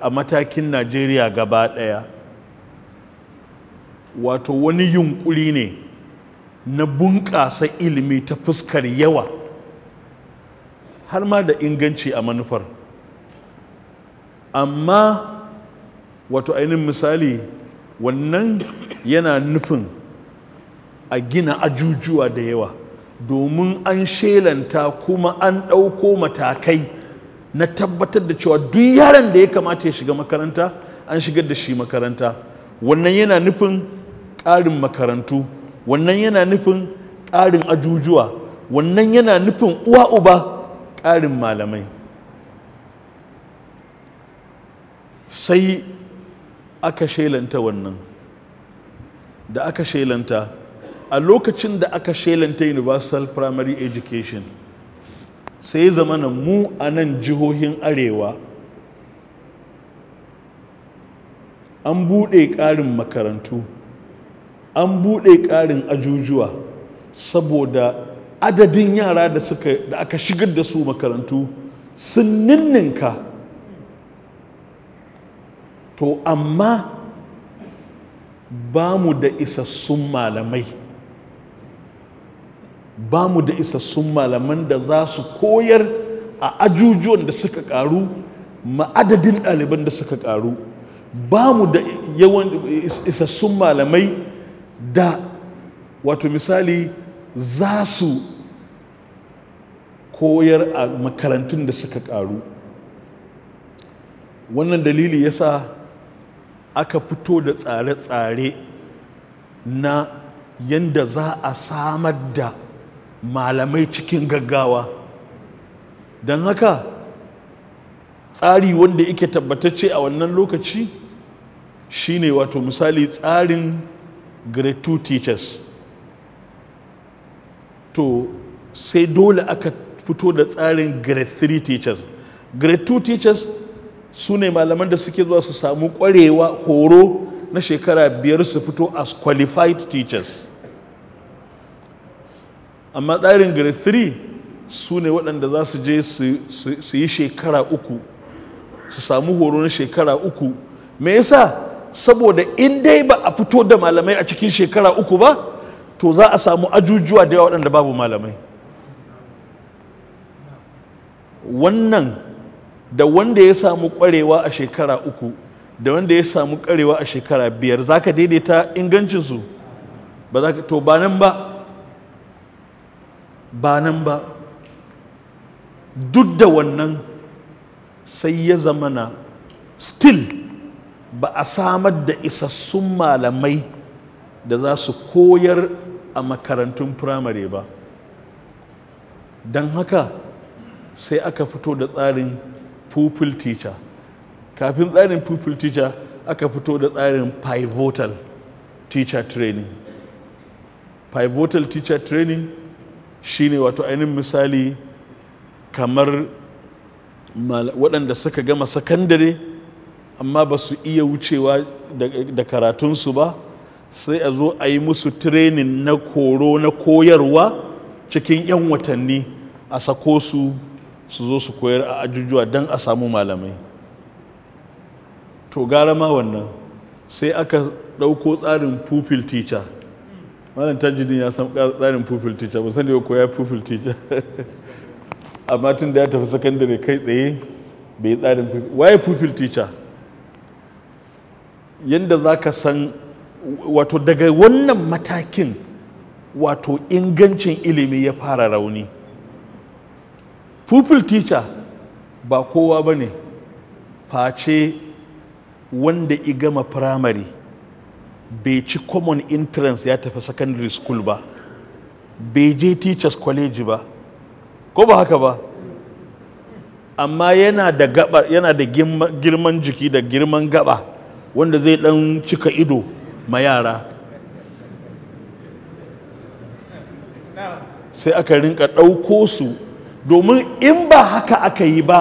Speaker 1: a matakin najeriya gaba ɗaya wato wani yunkuri ne na bunƙasa ilimi ta fuskar yawa har ma da inganci a manufar amma wato ainihin misali wannan yana nufin a gina ajujuwa da yawa domin an shelanta kuma an ɗauko matakai na tabbatar da cewa duk yaron da ya kamata ya shiga makaranta an shigar da shi makaranta wannan yana nufin ƙarin makarantu wannan yana nufin ƙarin ajujuwa wannan yana nufin uwa uba ƙarin malamai sai aka shelanta wannan da aka shelanta a lokacin da aka shelanta universal primary education sai zamana mu a nan jihohin arewa an buɗe ƙarin makarantu an buɗe ƙarin ajujuwa saboda adadin yara da aka shigar da su makarantu sun ninninka to amma ba mu da isassun malamai ba mu da isassun malaman da za su koyar a ajujuwan da suka karu ma'adadin ɗaliban da suka karu ba mu da yawan isassun malamai da wato misali za su koyar a makarantun da suka karu wannan dalili ya sa. aka fito da tsare-tsare na yadda za a samar da malamai cikin gaggawa don haka tsari wanda yake tabbatacce a wannan lokaci shine wato misali tsarin grade 2 teachers to sai dole aka fito da tsarin grade 3 teachers grade 2 teachers su ne malaman da suke zuwa su samu kwarewa horo na shekara biyar su fito as qualified teachers amma tsarin grade 3 su ne waɗanda za su je su yi shekara uku su samu horo na shekara uku me yasa saboda in dai ba a fito da malamai a cikin shekara uku ba to za a samu ajujuwa da yawa waɗanda babu malamai wannan da wanda ya samu kwarewa a shekara uku da wanda ya samu kwarewa a shekara biyar za ka daidaita ingancinsu ba za ka to ba nan ba ba nan ba duk da wannan sai ya zamana still ba a samar da isassun malamai da za su koyar a makarantun firamare ba don haka sai aka fito da tsarin pupil teacher kafin tsarin pupil teacher aka fito da tsarin pivotal teacher training pivotal teacher training shine wato ainihin misali kamar waɗanda suka gama sakandare amma ba su iya wucewa da karatunsu ba sai a zo a yi musu training na koro na koyarwa cikin 'yan watanni a sako su su zo su koyar a ajujuwa don a samu malamai to gara ma wannan sai aka ɗauko tsarin pupil teacher malam tajidin ya san tsarin pupil teacher ba sani ko ya pupil teacher amma tun da ya tafi sakandare kai tsaye bai yi tsarin pupil waye pupil teacher yadda za ka san wato daga wannan matakin wato ingancin ilimi ya fara rauni pupil teacher ba kowa ba ne face wanda i gama primary bai ci common entrance ya tafi secondary school ba bai je teachers college ba ko ba haka ba amma yana da gaba yana da girman jiki da girman gaba wanda zai dan cika ido ma yara sai aka rinka ɗauko su domin in ba haka aka yi ba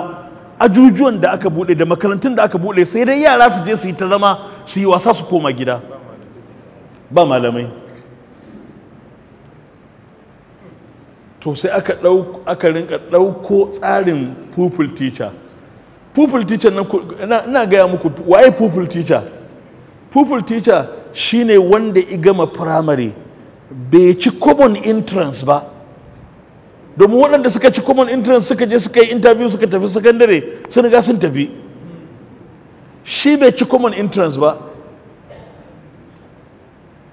Speaker 1: ajujuwan da aka bude da makarantun da aka bude sai dai yara su je su yi ta zama su yi wasa su koma gida ba malamai to sai aka aka rinka ɗauko tsarin pupil teacher pupil teacher na ina gaya muku waye pupil teacher pupil teacher shine wanda i gama primary bai ci common entrance ba domin waɗanda suka ci common entrance suka je suka yi interview suka tafi sakandare sun ga sun tafi shi bai ci common entrance ba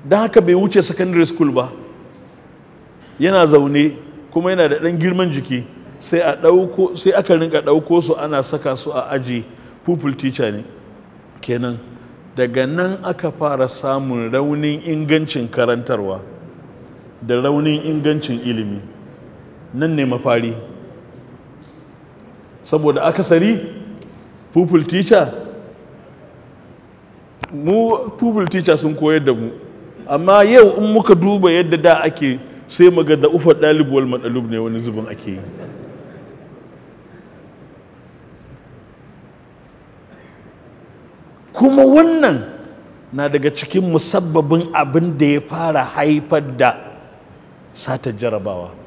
Speaker 1: don haka bai wuce secondary school ba yana zaune kuma yana da ɗan girman jiki sai a ɗauko sai aka rinka ɗauko su ana saka su a aji pupil teacher ne kenan daga nan aka fara samun raunin ingancin karantarwa da raunin ingancin ilimi nan ne mafari saboda akasari pupil teacher mu pupil teacher sun koyar da mu amma yau in muka duba yadda da ake sai maga da ufa ɗalibuwar matsalub ne wani zubin ake yi kuma wannan na daga cikin musabbabin abin da ya fara haifar da satar jarabawa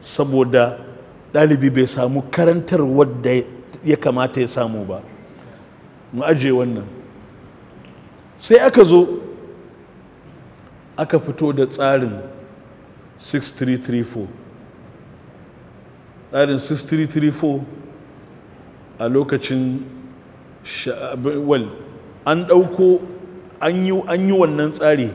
Speaker 1: saboda ɗalibi bai samu karantar wadda ya kamata ya samu ba mu aje wannan sai aka zo aka fito da tsarin 6334 tsarin 6334 a lokacin well an ɗauko an yi wannan tsari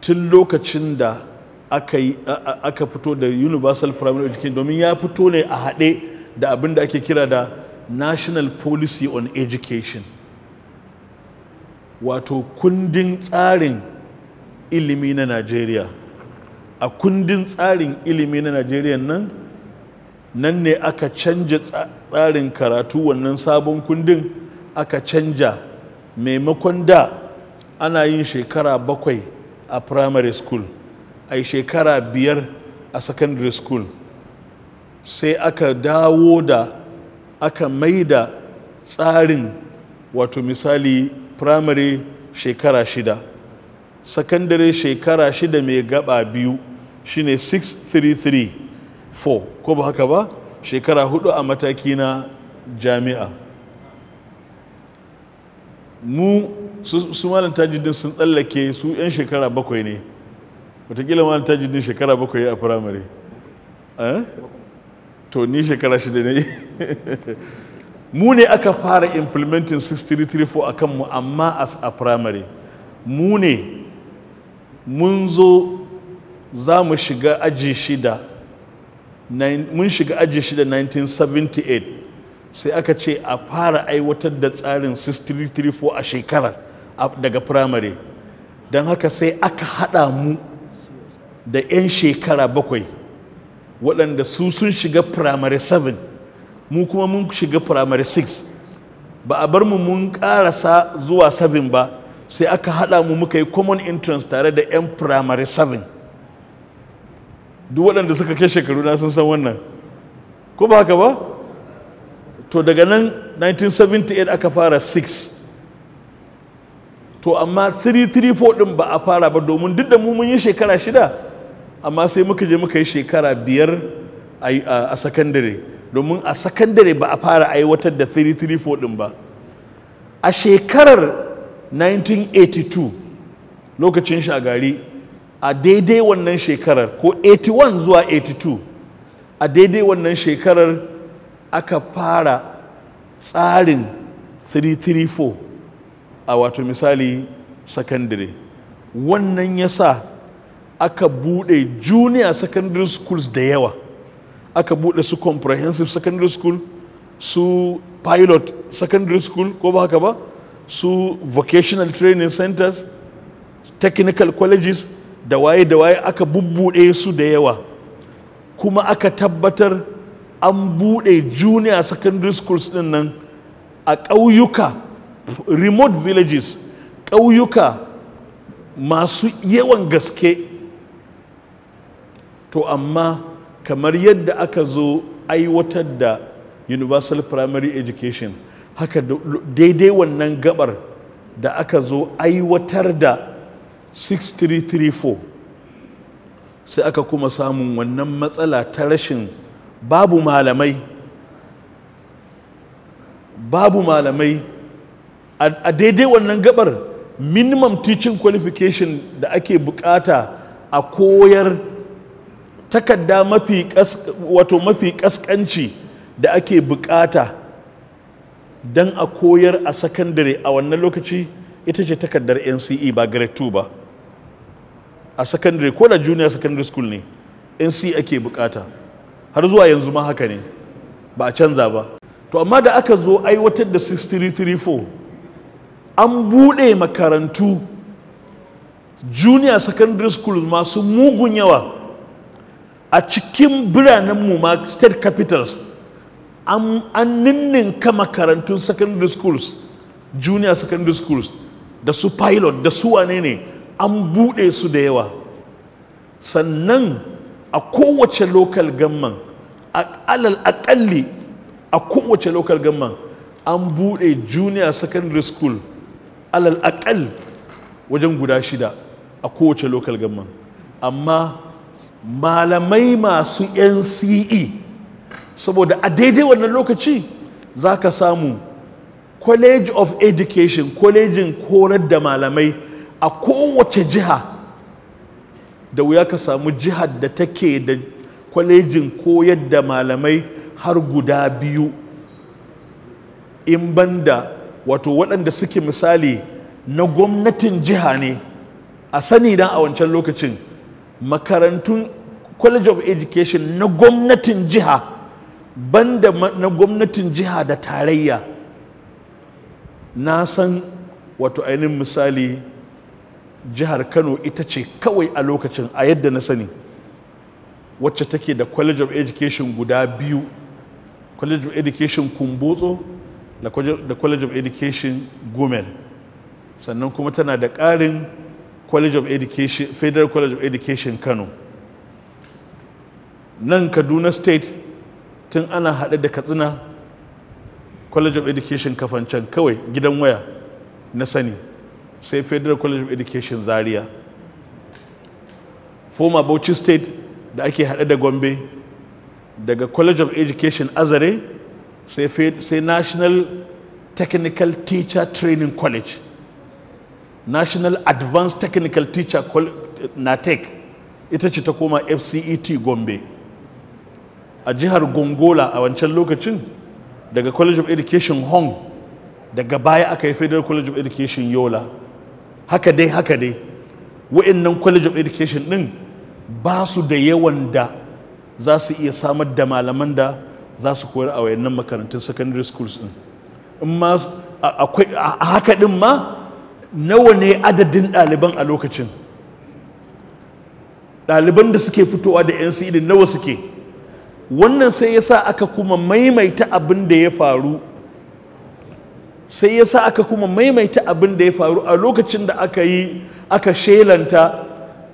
Speaker 1: tun lokacin da aka fito da universal primary education domin ya fito ne a haɗe da abin da ake kira da national policy on education wato kundin tsarin ilimi na najeriya a kundin tsarin ilimi na najeriya nan nan ne aka canja tsarin karatu wannan sabon kundin aka canja maimakon da ana yin shekara bakwai a primary school a shekara biyar a secondary school sai aka dawo da aka maida tsarin wato misali primary shekara shida secondary shekara shida mai gaba biyu shine 6334 ko ba haka ba shekara hudu a mataki na jami'a mu su, su malam sun tsallake su 'yan shekara bakwai ne watakila ma ta jini shekara bakwai a firamare eh? to ni shekara shida ne mu ne aka fara implementing 6334 a kanmu amma as a firamare mu ne mun zo za mu shiga aji shida mun shiga aji shida 1978 sai aka ce a fara aiwatar da tsarin 6334 a shekarar daga firamare don haka sai aka haɗa mu da 'yan shekara bakwai waɗanda su sun shiga primary 7 mu kuma mun shiga primary 6 ba a bar mu mun ƙarasa zuwa 7 ba sai aka haɗa mu muka yi common entrance tare da 'yan primary 7 duk waɗanda suka kai shekaru na sun san wannan ko ba haka ba to daga nan 1978 aka fara 6 to amma 334 ɗin ba a fara ba domin duk da mu mun yi shekara shida amma sai muka je muka yi shekara biyar a sakandare domin a sakandare ba a fara aiwatar da 334 din ba a shekarar 1982 lokacin shagari a daidai wannan shekarar ko 81 zuwa 82 a daidai wannan shekarar aka fara tsarin 334 a wato misali sakandare wannan ya sa aka bude junior secondary schools da yawa aka bude su comprehensive secondary school su pilot secondary school ko ba haka ba su vocational training centers technical colleges da waye da waye aka bubbuɗe su da yawa kuma aka tabbatar an bude junior secondary schools din nan a ƙauyuka remote villages ƙauyuka masu yawan gaske to amma kamar yadda aka zo aiwatar da universal primary education haka daidai wannan gabar da aka zo aiwatar da 6334 sai aka kuma samun wannan matsala ta rashin babu malamai babu malamai a daidai wannan gabar minimum teaching qualification da ake bukata a koyar takarda mafi wato mafi kaskanci da ake buƙata don a koyar a sakandare a wannan lokaci ita ce takardar nce ba grade 2 ba a sakandare ko da junior secondary school ne nce ake buƙata? har zuwa yanzu ma haka ne ba a canza ba to amma da aka zo aiwatar da 6334 an buɗe makarantu junior secondary school masu mugun yawa a cikin biranen mu ma state capitals an ninninka makarantun secondary schools junior secondary schools da su pilot da su wane ne an buɗe su da yawa sannan a kowace local gamman alal akalli a kowace local gamman an buɗe junior secondary school alal akal wajen guda shida a kowace local gamman amma malamai masu nce saboda a daidai wannan lokaci za ka samu college of education kwalejin korar da malamai a kowace jiha da wuya ka samu jihar da take da kwalejin koyar da malamai har guda biyu in banda wato waɗanda suke misali na gwamnatin jiha ne a sani na a wancan lokacin makarantun college of education na gwamnatin jiha banda na gwamnatin jiha da tarayya na san wato ainihin misali jihar kano ita ce kawai a lokacin a yadda na sani wacce take da college of education guda biyu college of education kumbotso da college of education gomel sannan kuma tana da ƙarin college of education federal college of education kano nan kaduna state tun ana haɗe da katsina college of education kafancan kawai gidan waya na sani sai federal college of education zaria former bauchi state da ake haɗe da gombe daga college of education azare sai national technical teacher training college national advanced technical teacher natec ita ce ta koma fcet gombe a jihar gongola a wancan lokacin daga college of education hong daga baya aka yi federal college of education yola haka dai haka dai wa'annan college of education din ba su da yawan da za su iya samar da malaman da za su koyar a wayannan makarantun secondary schools din in ma akwai haka din ma nawa ne adadin ɗaliban a lokacin ɗaliban da suke fitowa da yan nawa suke wannan sai yasa aka kuma maimaita abin da ya faru sai yasa aka kuma maimaita abin da ya faru a lokacin da aka yi aka shelanta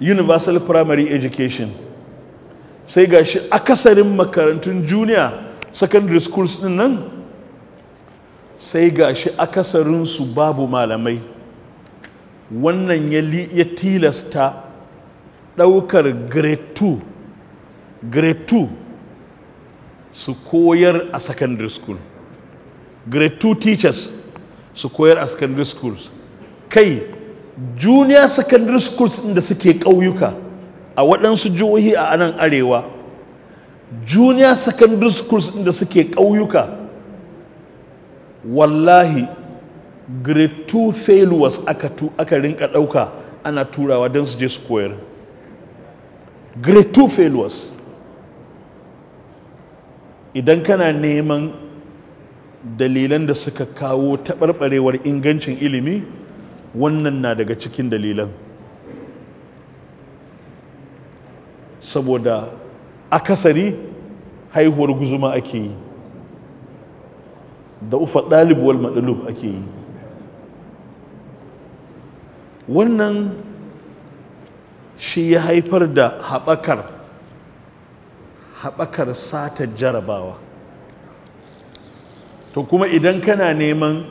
Speaker 1: universal primary education sai ga shi akasarin makarantun junior secondary schools din nan sai ga shi akasarin su babu malamai wannan ya tilasta ɗaukar grade 2 su koyar a secondary school grade 2 teachers su koyar a secondary schools kai junior secondary schools da suke ƙauyuka a waɗansu jihohi a nan arewa junior secondary schools da suke ƙauyuka wallahi grade 2 failures aka tu aka rinka ɗauka ana turawa don su je su koyar grade 2 failures idan kana neman dalilan da suka kawo taɓarɓarewar ingancin ilimi wannan na daga cikin dalilan saboda akasari haihuwar guzuma ake yi da ufa ɗalibuwar maɗalub ake yi wannan shi ya haifar da haɓakar haɓakar sata jarabawa to kuma idan kana neman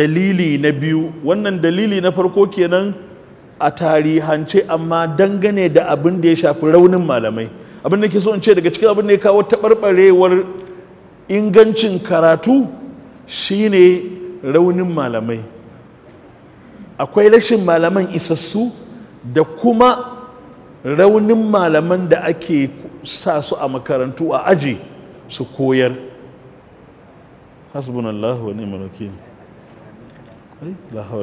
Speaker 1: dalili na biyu wannan dalili na farko kenan a tarihance amma dangane da abin da ya shafi raunin malamai abin da ke so in ce daga cikin abin da ya kawo taɓarɓarewar ingancin karatu shine raunin malamai akwai rashin malaman isassu da kuma raunin malaman da ake sa su a makarantu a aji su koyar hasbunallah wa ni'mal wakil la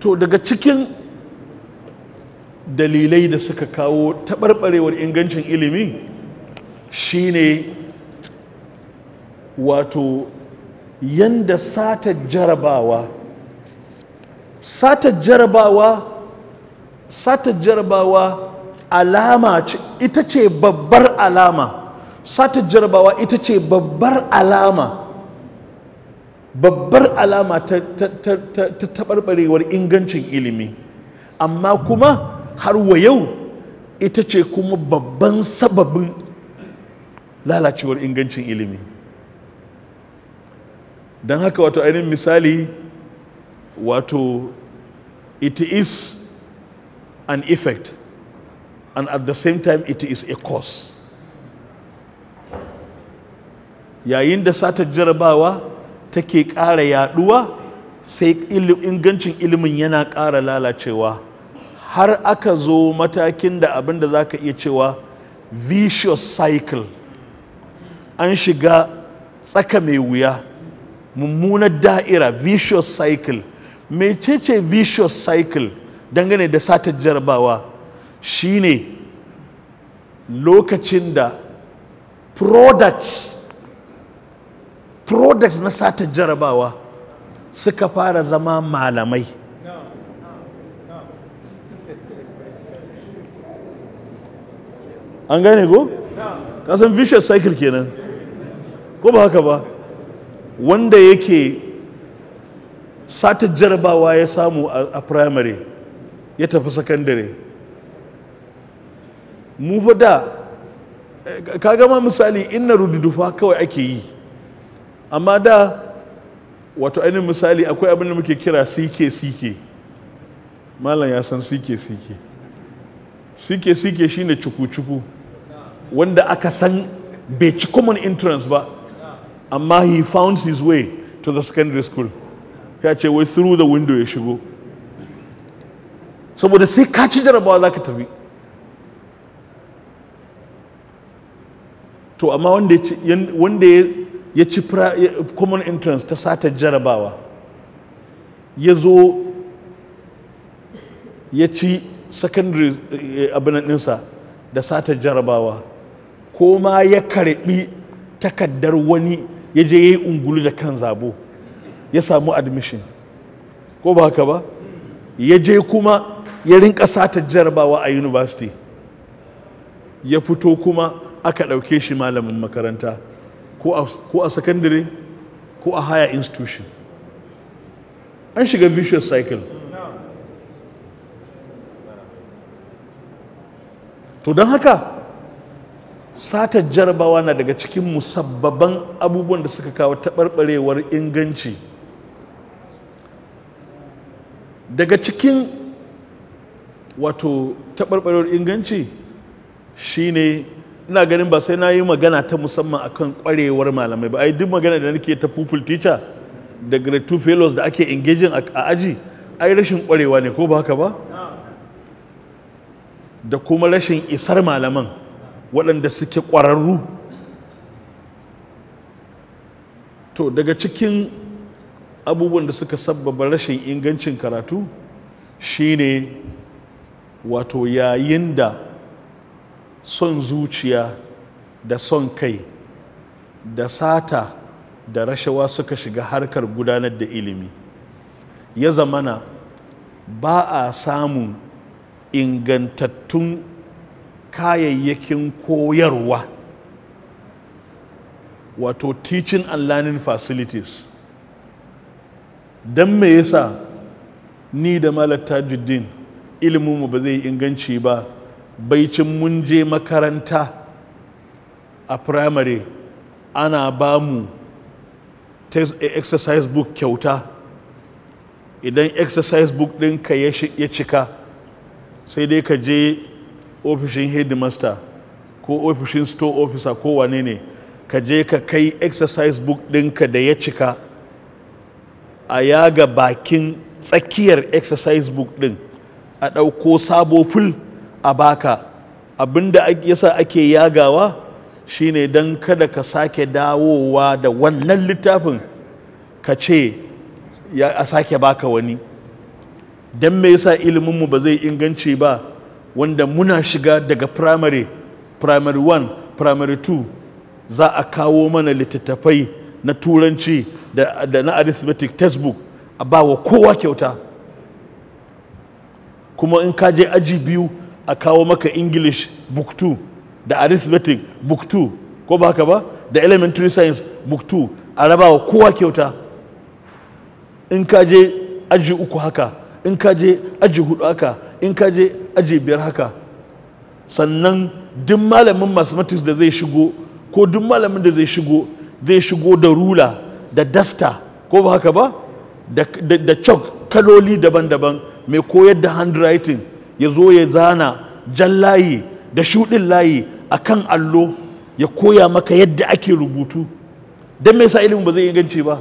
Speaker 1: to daga cikin dalilai da suka kawo taɓarɓarewar ingancin ilimi shine wato yanda sata jarabawa sata jarabawa sata jarabawa alama ita ce babbar alama sata jarabawa ita ce babbar alama babbar alama ta taɓarɓarewar ingancin ilimi amma kuma har wa yau ita ce kuma babban sababin lalacewar ingancin ilimi don haka wato ainihin misali wato it is an effect and at the same time it is a cause yayin da satar jarabawa take ƙara yaduwa sai ingancin ilimin yana ƙara lalacewa har aka zo matakin da abin da za ka iya cewa vicious cycle an shiga tsaka mai wuya mummunar da'ira vicious cycle mecece vicious cycle dangane da satar jarabawa shine lokacin da products products na sata jarabawa suka fara zama malamai an gane ko kasan vicious cycle kenan ko ba haka ba wanda yake sata jarabawa ya samu a primary ya tafi secondary mu fa da eh, ka gama misali inna rududufa kawai ake yi amma da wato ainihin misali akwai abin da muke kira ck ck malam ya san ck ck sike sike shine cuku-cuku wanda aka san bai ci common entrance ba amma he found his way to the secondary school ya ce wai through the window ya shigo saboda sai ka ci jarabawa za ka tafi to amma wanda ya ci common entrance ta sata jarabawa ya zo ya ci secondary eh, abin ɗinsa da sata jarabawa ko ma ya karɓi takaddar wani ya je ya ungulu da kan zabo ya samu admission ko ba haka ba ya je kuma ya rinka sata jarabawa a university ya fito kuma aka ɗauke shi malamin makaranta ko a secondary ko a higher institution an shiga vicious cycle to don haka satar jarabawa na daga cikin musabbaban abubuwan da suka kawo taɓarɓarewar inganci daga cikin wato taɓarɓarewar inganci shine ina ganin ba sai na yi magana ta musamman akan ƙwarewar malamai ba a yi duk magana da nake ta pupil teacher da grade da ake engaging a aji ai rashin ƙwarewa ne ko ba haka ba da kuma rashin isar malaman waɗanda suke ƙwararru to daga cikin abubuwan da suka sabbaba rashin ingancin karatu shine wato yayin da son zuciya da son kai da sata da rashawa suka shiga harkar gudanar da ilimi ya zamana ba a samun ingantattun kayayyakin koyarwa wato teaching and learning facilities don me yasa ni da malar tajuddin mu ba zai inganci ba baicin mun je makaranta a primary ana ba mu exercise book kyauta idan exercise book ɗinka ya cika sai dai ka je ofishin headmaster ko ofishin store officer ko wane ne ka je ka kai exercise book ɗinka da ya cika a yaga bakin tsakiyar exercise book ɗin a ɗauko sabo ful a baka abinda yasa ake yagawa shine don kada ka sake dawowa da wannan littafin ka ce a sake baka wani don me yasa iliminmu ba zai inganci ba wanda muna shiga daga primary primary 1 primary 2 za a kawo mana littattafai na turanci da, da na arithmetic textbook a ba wa kowa kyauta kuma in ka je aji biyu a kawo maka english book 2 da arithmetic book 2 ko ba haka ba da elementary science book 2 a raba wa kowa kyauta in ka je aji uku haka in ka je aji hudu haka in ka je aji biyar haka sannan duk malamin mathematics da zai shigo ko duk malamin da zai shigo zai shigo da rula da dasta ko ba haka ba da chalk kaloli daban-daban mai koyar da handwriting ya zo ya zana jan layi da shuɗin layi a kan allo ya koya maka yadda ake rubutu don me sa ilimin ba zai inganci ba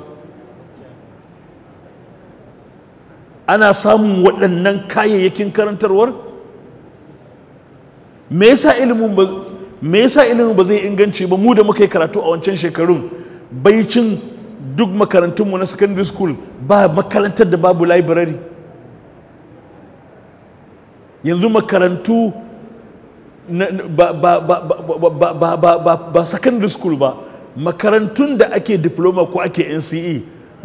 Speaker 1: ana samun waɗannan kayayyakin karantarwar me yasa ilimin ba me sa ilimin ba zai inganci ba mu da muka yi karatu a wancan shekarun bai cin duk makarantunmu na secondary school ba makarantar da babu library yanzu makarantu ba secondary school ba makarantun da ake diploma ko ake nce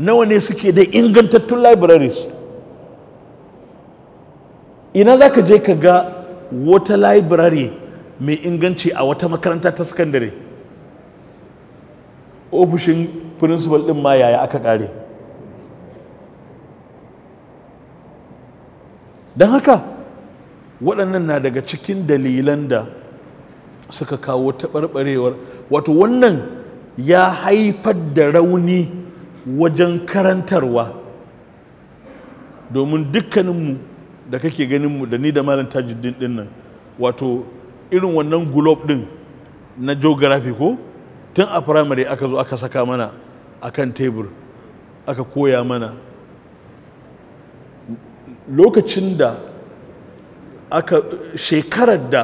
Speaker 1: nawa ne suke da ingantattun libraries ina za ka je ka ga wata library mai inganci a wata makaranta ta sakandare ofishin principal ɗin ma yaya aka ƙare don haka waɗannan na daga cikin dalilan da suka kawo taɓarɓarewar wato wannan ya haifar da rauni wajen karantarwa domin dukkaninmu da kake ganin mu da ni da malam tajiddin din nan wato irin wannan gulob din na geography ko tun a primary aka zo aka saka mana akan tebur aka koya mana lokacin da aka shekarar da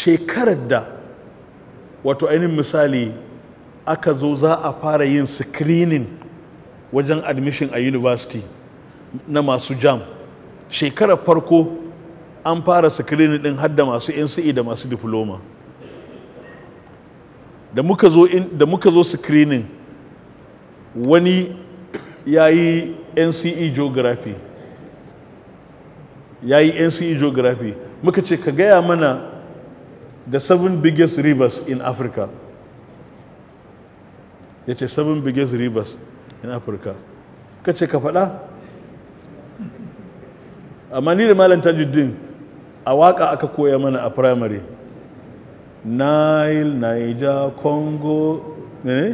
Speaker 1: shekarar da wato ainihin misali aka zo za a fara yin screening wajen admission a university na masu jam shekarar farko an fara sakirini din hadda masu NCE da masu diploma da muka zo sakirinin wani ya screening wani NCE geography yi NCE geography muka ce ka gaya mana the seven biggest rivers in Africa ya ce seven biggest rivers in Africa ka ce ka faɗa amma ni da malam tajuddin a waka aka koya mana a primary nile niger congo ne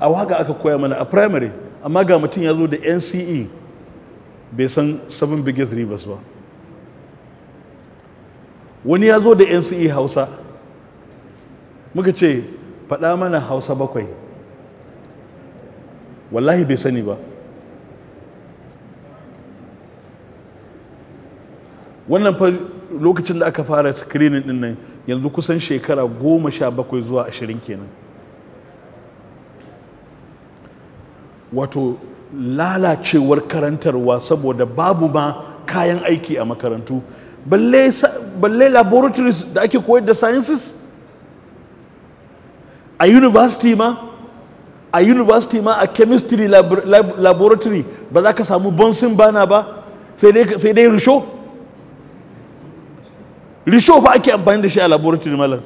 Speaker 1: a waka aka koya mana a primary amma ga mutum ya zo da nce bai san seven biggest rivers ba wani ya zo da nce hausa muka ce faɗa mana hausa bakwai wallahi bai sani ba wannan fa lokacin da aka fara screening din nan yanzu kusan shekara goma sha bakwai zuwa ashirin kenan wato lalacewar karantarwa saboda babu ma kayan aiki a makarantu balle laboratories da ake koyar da sciences a university ma a university ma a chemistry laboratory ba za ka samu bonsin bana ba sai dai risho risho fa ake amfani da shi a laboratory malam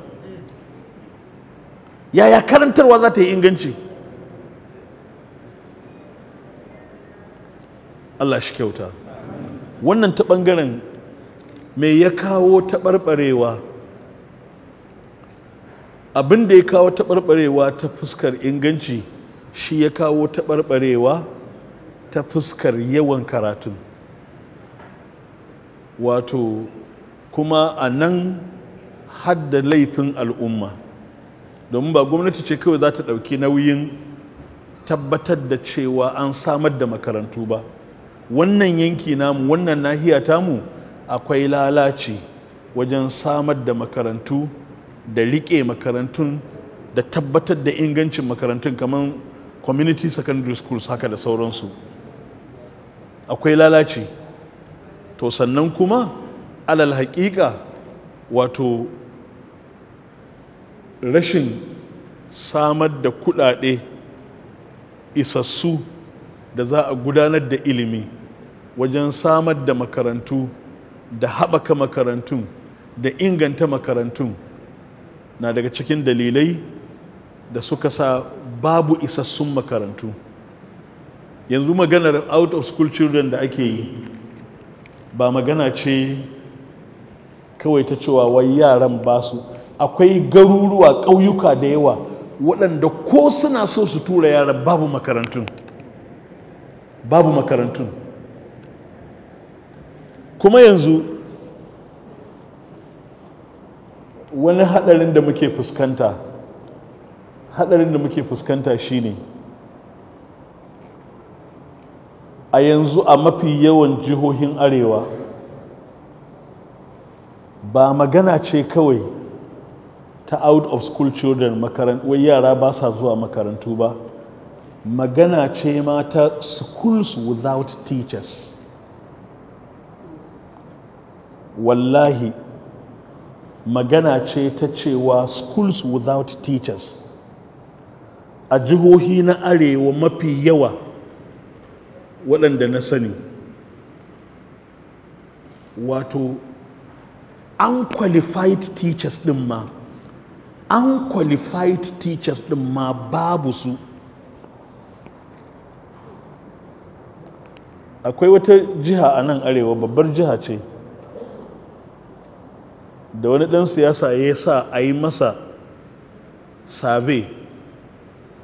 Speaker 1: yaya karantarwa za ta yi inganci Allah shi kyauta wannan ta ɓangaren me ya kawo taɓarɓarewa abin da ya kawo taɓarɓarewa ta fuskar inganci shi ya kawo taɓarɓarewa ta fuskar yawan karatun wato kuma a nan hadda laifin al'umma domin ba gwamnati ce kawai za ta ɗauki nauyin tabbatar da cewa an samar da makarantu ba wannan yanki namu wannan nahiya tamu akwai lalaci wajen samar da makarantu da riƙe makarantun da tabbatar da ingancin makarantun kamar community secondary schools haka da sauransu akwai lalaci to sannan kuma alal haƙiƙa wato rashin samar da kuɗaɗe isassu da za a gudanar da ilimi wajen samar da makarantu da haɓaka makarantun da inganta makarantun na daga cikin dalilai da suka sa babu isassun makarantu yanzu maganar out of school children da ake yi ba magana ce kawai ta cewa wai yaran ba su akwai garuruwa ƙauyuka da yawa waɗanda ko suna so su tura yaran babu makarantun babu makarantun kuma yanzu wani haɗarin da muke fuskanta hadarin da muke fuskanta shine a yanzu a mafi yawan jihohin arewa ba magana ce kawai ta out of school children wai yara ba sa zuwa makarantu ba magana ce ma ta schools without teachers wallahi magana ce ta cewa schools without teachers a jihohi na arewa mafi yawa waɗanda na sani wato unqualified teachers ɗin ma unqualified teachers ɗin ma babu su akwai wata jiha a nan arewa babbar jiha ce da wani ɗan siyasa ya sa a yi masa survey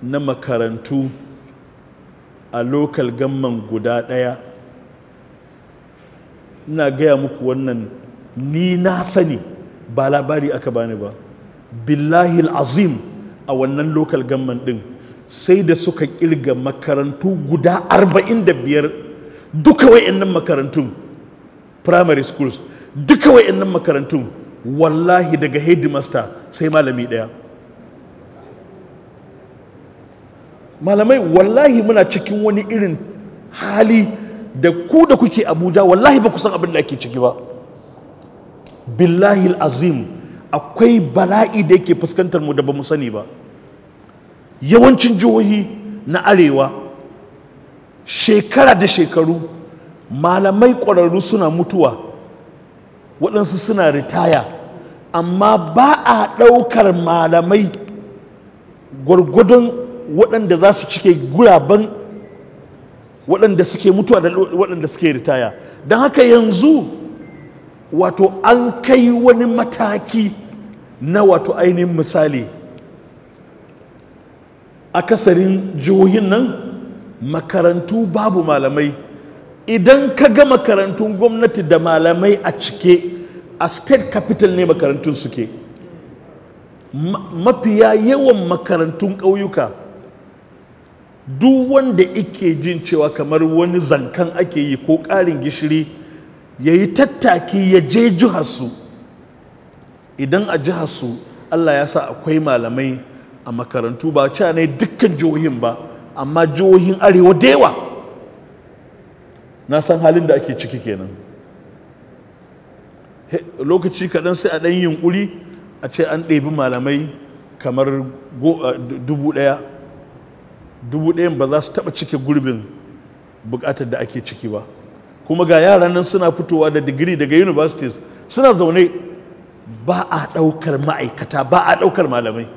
Speaker 1: na makarantu a lokal gamman guda ɗaya ina gaya muku wannan ni na sani ba labari aka bani ba billahi azim a wannan lokal gamman ɗin sai da suka kirga makarantu guda 45 duka wa'annan makarantun primary schools duka wa'annan makarantun wallahi daga headmaster sai malami ɗaya malamai wallahi muna cikin wani irin hali da ku da kuke abuja wallahi ba ku san abin da ake ciki ba billahi azim akwai bala'i da yake fuskantar mu da ba mu sani ba yawancin jihohi na arewa shekara da shekaru malamai ƙwararru suna mutuwa waɗansu suna ritaya amma ba a ɗaukar malamai gwargwadon waɗanda za su cike guraben waɗanda suke mutuwa da waɗanda suke ritaya don haka yanzu wato an kai wani mataki na wato ainihin misali akasarin jihohin nan makarantu babu malamai idan ka ga makarantun gwamnati da malamai a cike a state capital ne makarantun suke mafiya yawan makarantun ƙauyuka duk wanda ike jin cewa kamar wani zankan ake yi ko ƙarin gishiri ya yi tattaki ya je jiharsu idan a jiharsu allah ya sa akwai malamai a makarantu ba cewa ne dukkan jihohin ba amma jihohin arewa da yawa na san halin da ake ciki kenan lokaci kaɗan sai a ɗan ƙuri, a ce an ɗebi malamai kamar dubu ɗaya dubu ɗayan ba za su taɓa cike gurbin buƙatar da ake ciki ba kuma ga yaran nan suna fitowa da digiri daga universities suna zaune ba a ɗaukar ma'aikata ba a ɗaukar malamai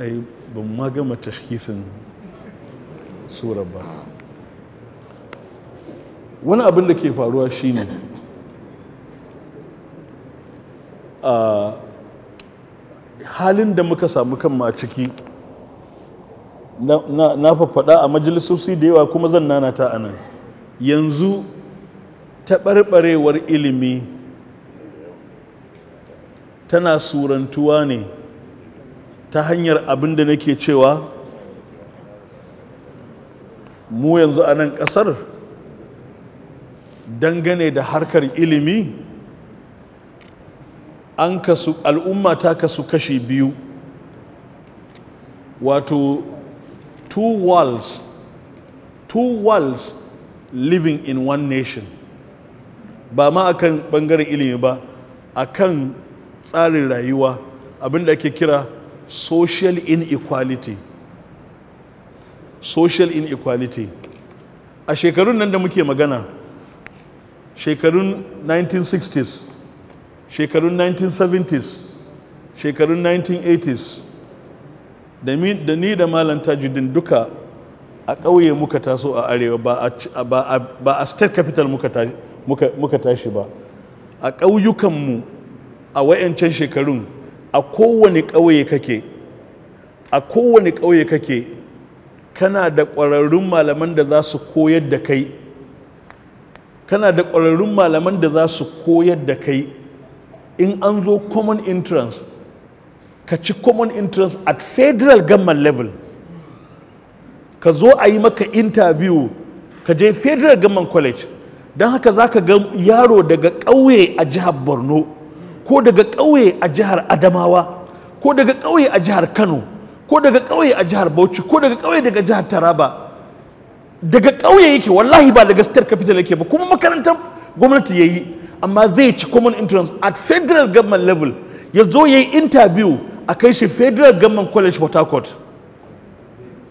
Speaker 1: ai ban ma gama tashkisin ba wani abin da ke faruwa shine halin da muka samu kan a ciki na faffada a majalisosi da yawa kuma zan nanata a nan yanzu taɓarɓarewar ilimi tana surantuwa ne ta hanyar abin da nake cewa mu yanzu a nan ƙasar dangane da harkar ilimi an kasu al'umma ta kasu kashi biyu wato two walls two walls living in one nation ba ma akan bangaren ilimi ba akan tsarin rayuwa abinda ake kira social inequality social inequality a shekarun nan da muke magana shekarun 1960s shekarun 1970s shekarun 1980s da ni da malam tajidin duka a ƙauye muka taso a arewa ba a state capital muka tashi ba a ƙauyukanmu a wayancan shekarun a kowane ƙauye kake a kowane ƙauye kake kana da ƙwararrun malaman da za su koyar da kai kana da ƙwararrun malaman da za su koyar da kai in an zo common entrance ka ci common entrance at federal government level ka zo a yi maka interview ka je federal government college don haka za ka ga yaro daga ƙauye a jihar borno ko daga ƙauye a jihar adamawa ko daga ƙauye a jihar kano ko daga ƙauye a jihar bauchi ko daga ƙauye daga jihar taraba daga ƙauye yake wallahi ba daga state capital yake ba kuma makarantar gwamnati ya yi amma zai ci common entrance at federal government level ya zo ya yi interview a kai shi federal government college port harcourt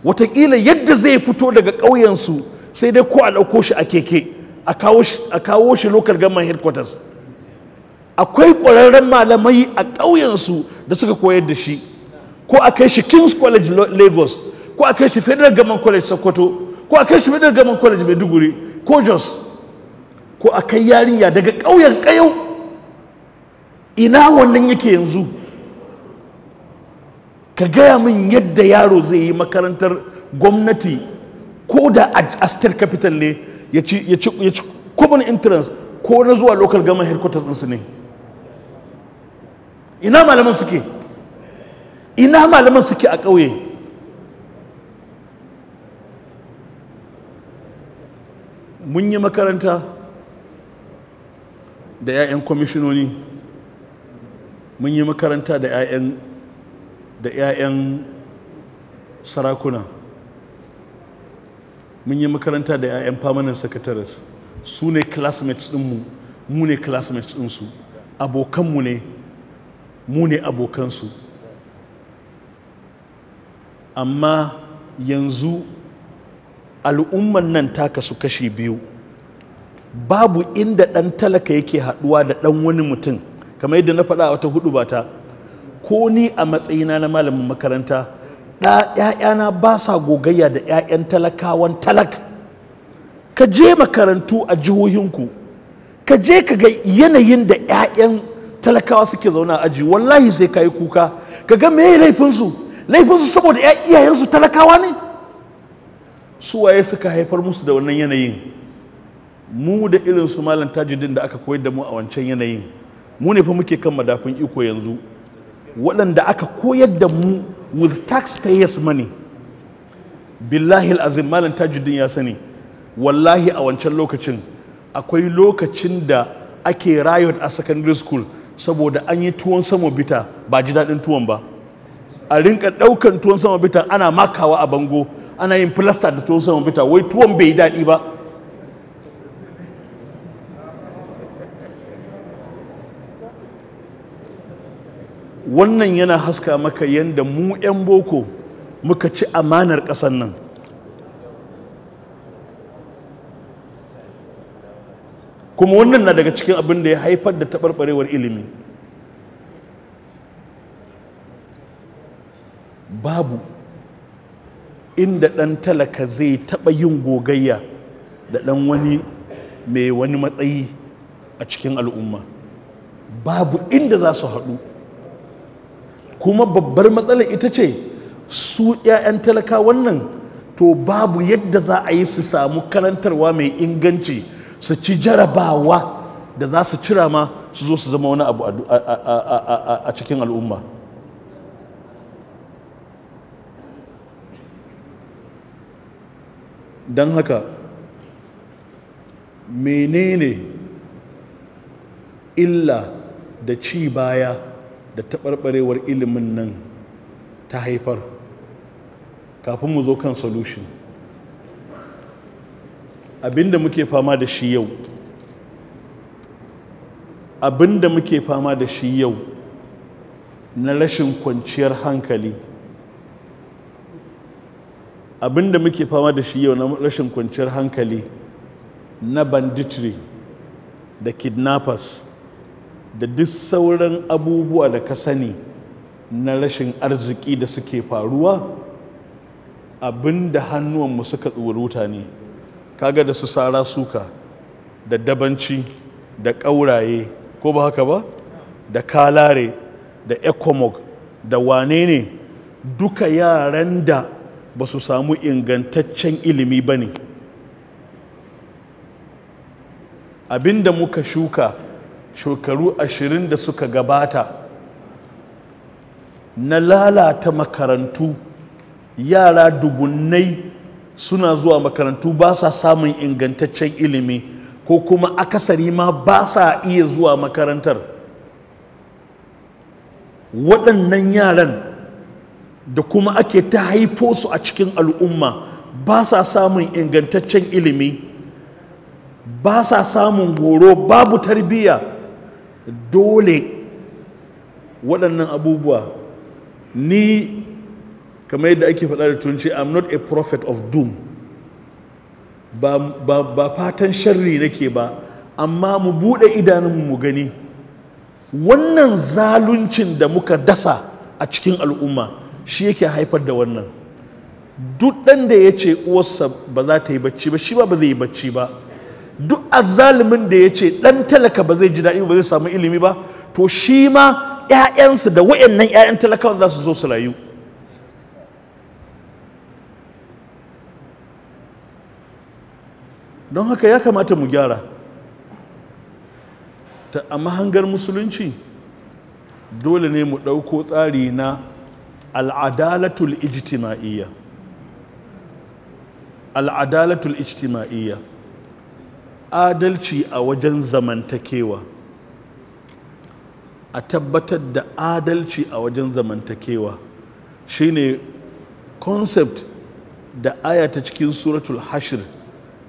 Speaker 1: watakila yadda zai fito daga ƙauyensu sai dai ko a ɗauko shi a keke a kawo shi local government headquarters akwai ƙwararren malamai a ƙauyensu da suka koyar da shi ko a kai shi king's college lagos ko a kai shi federal government college sokoto ko a kai shi federal government college maiduguri ko jos ko a kai yarinya daga ƙauyen ƙayau ina wannan yake yanzu ka gaya min yadda yaro zai yi makarantar gwamnati ko da a state capital ne ya ci common entrance ko na zuwa local government headquarters ɗinsu ne ina malaman suke ina malaman suke a ƙauye mun yi makaranta da 'ya'yan kwamishinoni mun yi makaranta da 'ya'yan sarakuna mun yi makaranta da 'ya'yan permanent secretaries su ne classmates ɗinmu mu ne classmates ɗinsu abokanmu ne mu ne abokansu amma yanzu al'umman nan ta kasu kashi biyu babu inda ɗan talaka yake haɗuwa da ɗan wani mutum kamar yadda na faɗa wata hudu bata ko ni a matsayina na malamin makaranta ‘ya'yana ba sa gogayya da ‘ya'yan talakawan talak ka je makarantu a jihohinku ka je ka ga yanayin da ‘ya'yan talakawa suke zauna aji wallahi sai ka yi kuka ka ga meye laifinsu laifinsu saboda iyayensu talakawa ne su waye suka haifar musu da wannan yanayin mu da irin su malam tajidin da aka koyar da mu a wancan yanayin mu ne fa muke kan madafin iko yanzu waɗanda aka koyar da mu with taxpayers money billahi azim malam tajidin ya sani wallahi a wancan lokacin akwai lokacin da ake riot a secondary school saboda an yi tuwon sama bita ba ji daɗin tuwon ba a rinka ɗaukan tuwon sama bita ana makawa a bango ana yin filasta da tuwon sama bita wai tuwon bai daɗi ba wannan yana haska maka yadda mu 'yan boko muka ci amanar ƙasan nan kuma wannan na daga cikin abin da ya haifar da taɓarɓarewar ilimi babu inda ɗan talaka zai taɓa yin gogayya da ɗan wani mai wani matsayi a cikin al'umma babu inda za su haɗu kuma babbar matsalar ita ce su 'ya'yan talaka wannan to babu yadda za a yi su samu karantarwa mai inganci su ci jarabawa da za su cira ma su zo su zama wani abu a cikin al'umma don haka menene illa da ci baya da taɓarɓarewar ilimin nan ta haifar kafin mu zo kan solution abinda muke fama da shi yau abinda muke fama da shi yau na rashin kwanciyar hankali abinda muke fama da shi yau na rashin kwanciyar hankali na banditry da kidnappers da duk sauran abubuwa da ka sani na rashin arziki da suke faruwa abin da hannuwanmu suka tsuruta ne kaga da su sara suka da dabanci da ƙauraye ko ba haka ba da kalare da ecomog da wane ne duka yaran da ba su samu ingantaccen ilimi ba ne abin da muka shuka shekaru ashirin da suka gabata na lalata makarantu yara dubunnai suna zuwa makarantu ba sa samun ingantaccen ilimi ko kuma akasari ma ba sa iya zuwa makarantar waɗannan yaran da kuma ake ta haifo su a cikin al'umma ba sa samun ingantaccen ilimi ba sa samun horo babu tarbiyya dole waɗannan abubuwa ni kamar yadda ake faɗa da turanci i'm not a prophet of doom ba fatan sharri nake ba amma mu buɗe idanunmu mu gani wannan zaluncin da muka dasa a cikin al'umma shi yake haifar da wannan duk ɗan da ya ce uwarsa ba za ta yi bacci ba shi ba ba zai yi bacci ba duk azalimin da ya ce ɗan talaka ba zai ji daɗi ba zai samu ilimi ba to shi ma ‘ya'yansu da wa'yannan ‘ya'yan talakawan za su zo su rayu don haka ya kamata mu gyara ta amma hangar musulunci dole ne mu ɗauko tsari na al'adalatul ijtima'iyya al'adalatul ijtima'iyya adalci a wajen zamantakewa a tabbatar da adalci a wajen zamantakewa shine concept da aya ta cikin suratul hashir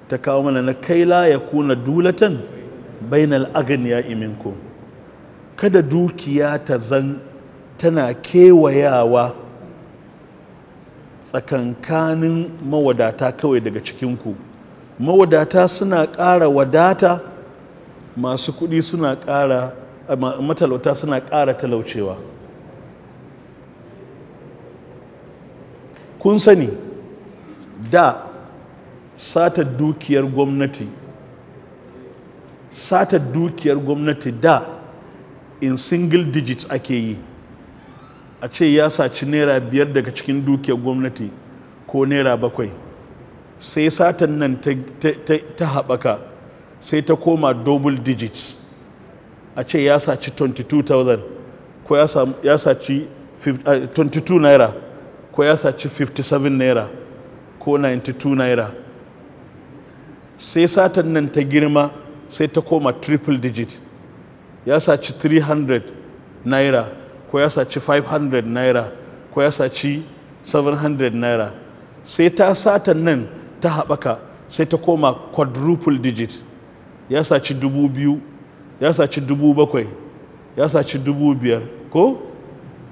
Speaker 1: ta kawo mana na kaila ya kuna dulatan bainal aganiya iminku kada dukiya ta zan tana kewayawa tsakankanin mawadata kawai daga cikinku mawadata suna ƙara wadata masu kuɗi suna ƙara matalauta suna ƙara talaucewa kun sani da sata dukiyar gwamnati sata dukiyar gwamnati da in single digits ake yi a ce ya saci naira biyar daga cikin dukiyar gwamnati ko naira bakwai sai satan nan ta haɓaka sai ta koma double digits a ce ya saci 22,000 ko ya saci 22 eh, naira ko ya saci 57 naira ko 92 naira sai satan nan ta girma sai ta koma triple digit ya saci 300 naira ko ya saci 500 naira ko ya saci 700 naira sai ta satan nan ta haɓaka sai ta koma quadruple digit ya saci dubu biyu ya saci dubu bakwai ya saci dubu biyar ko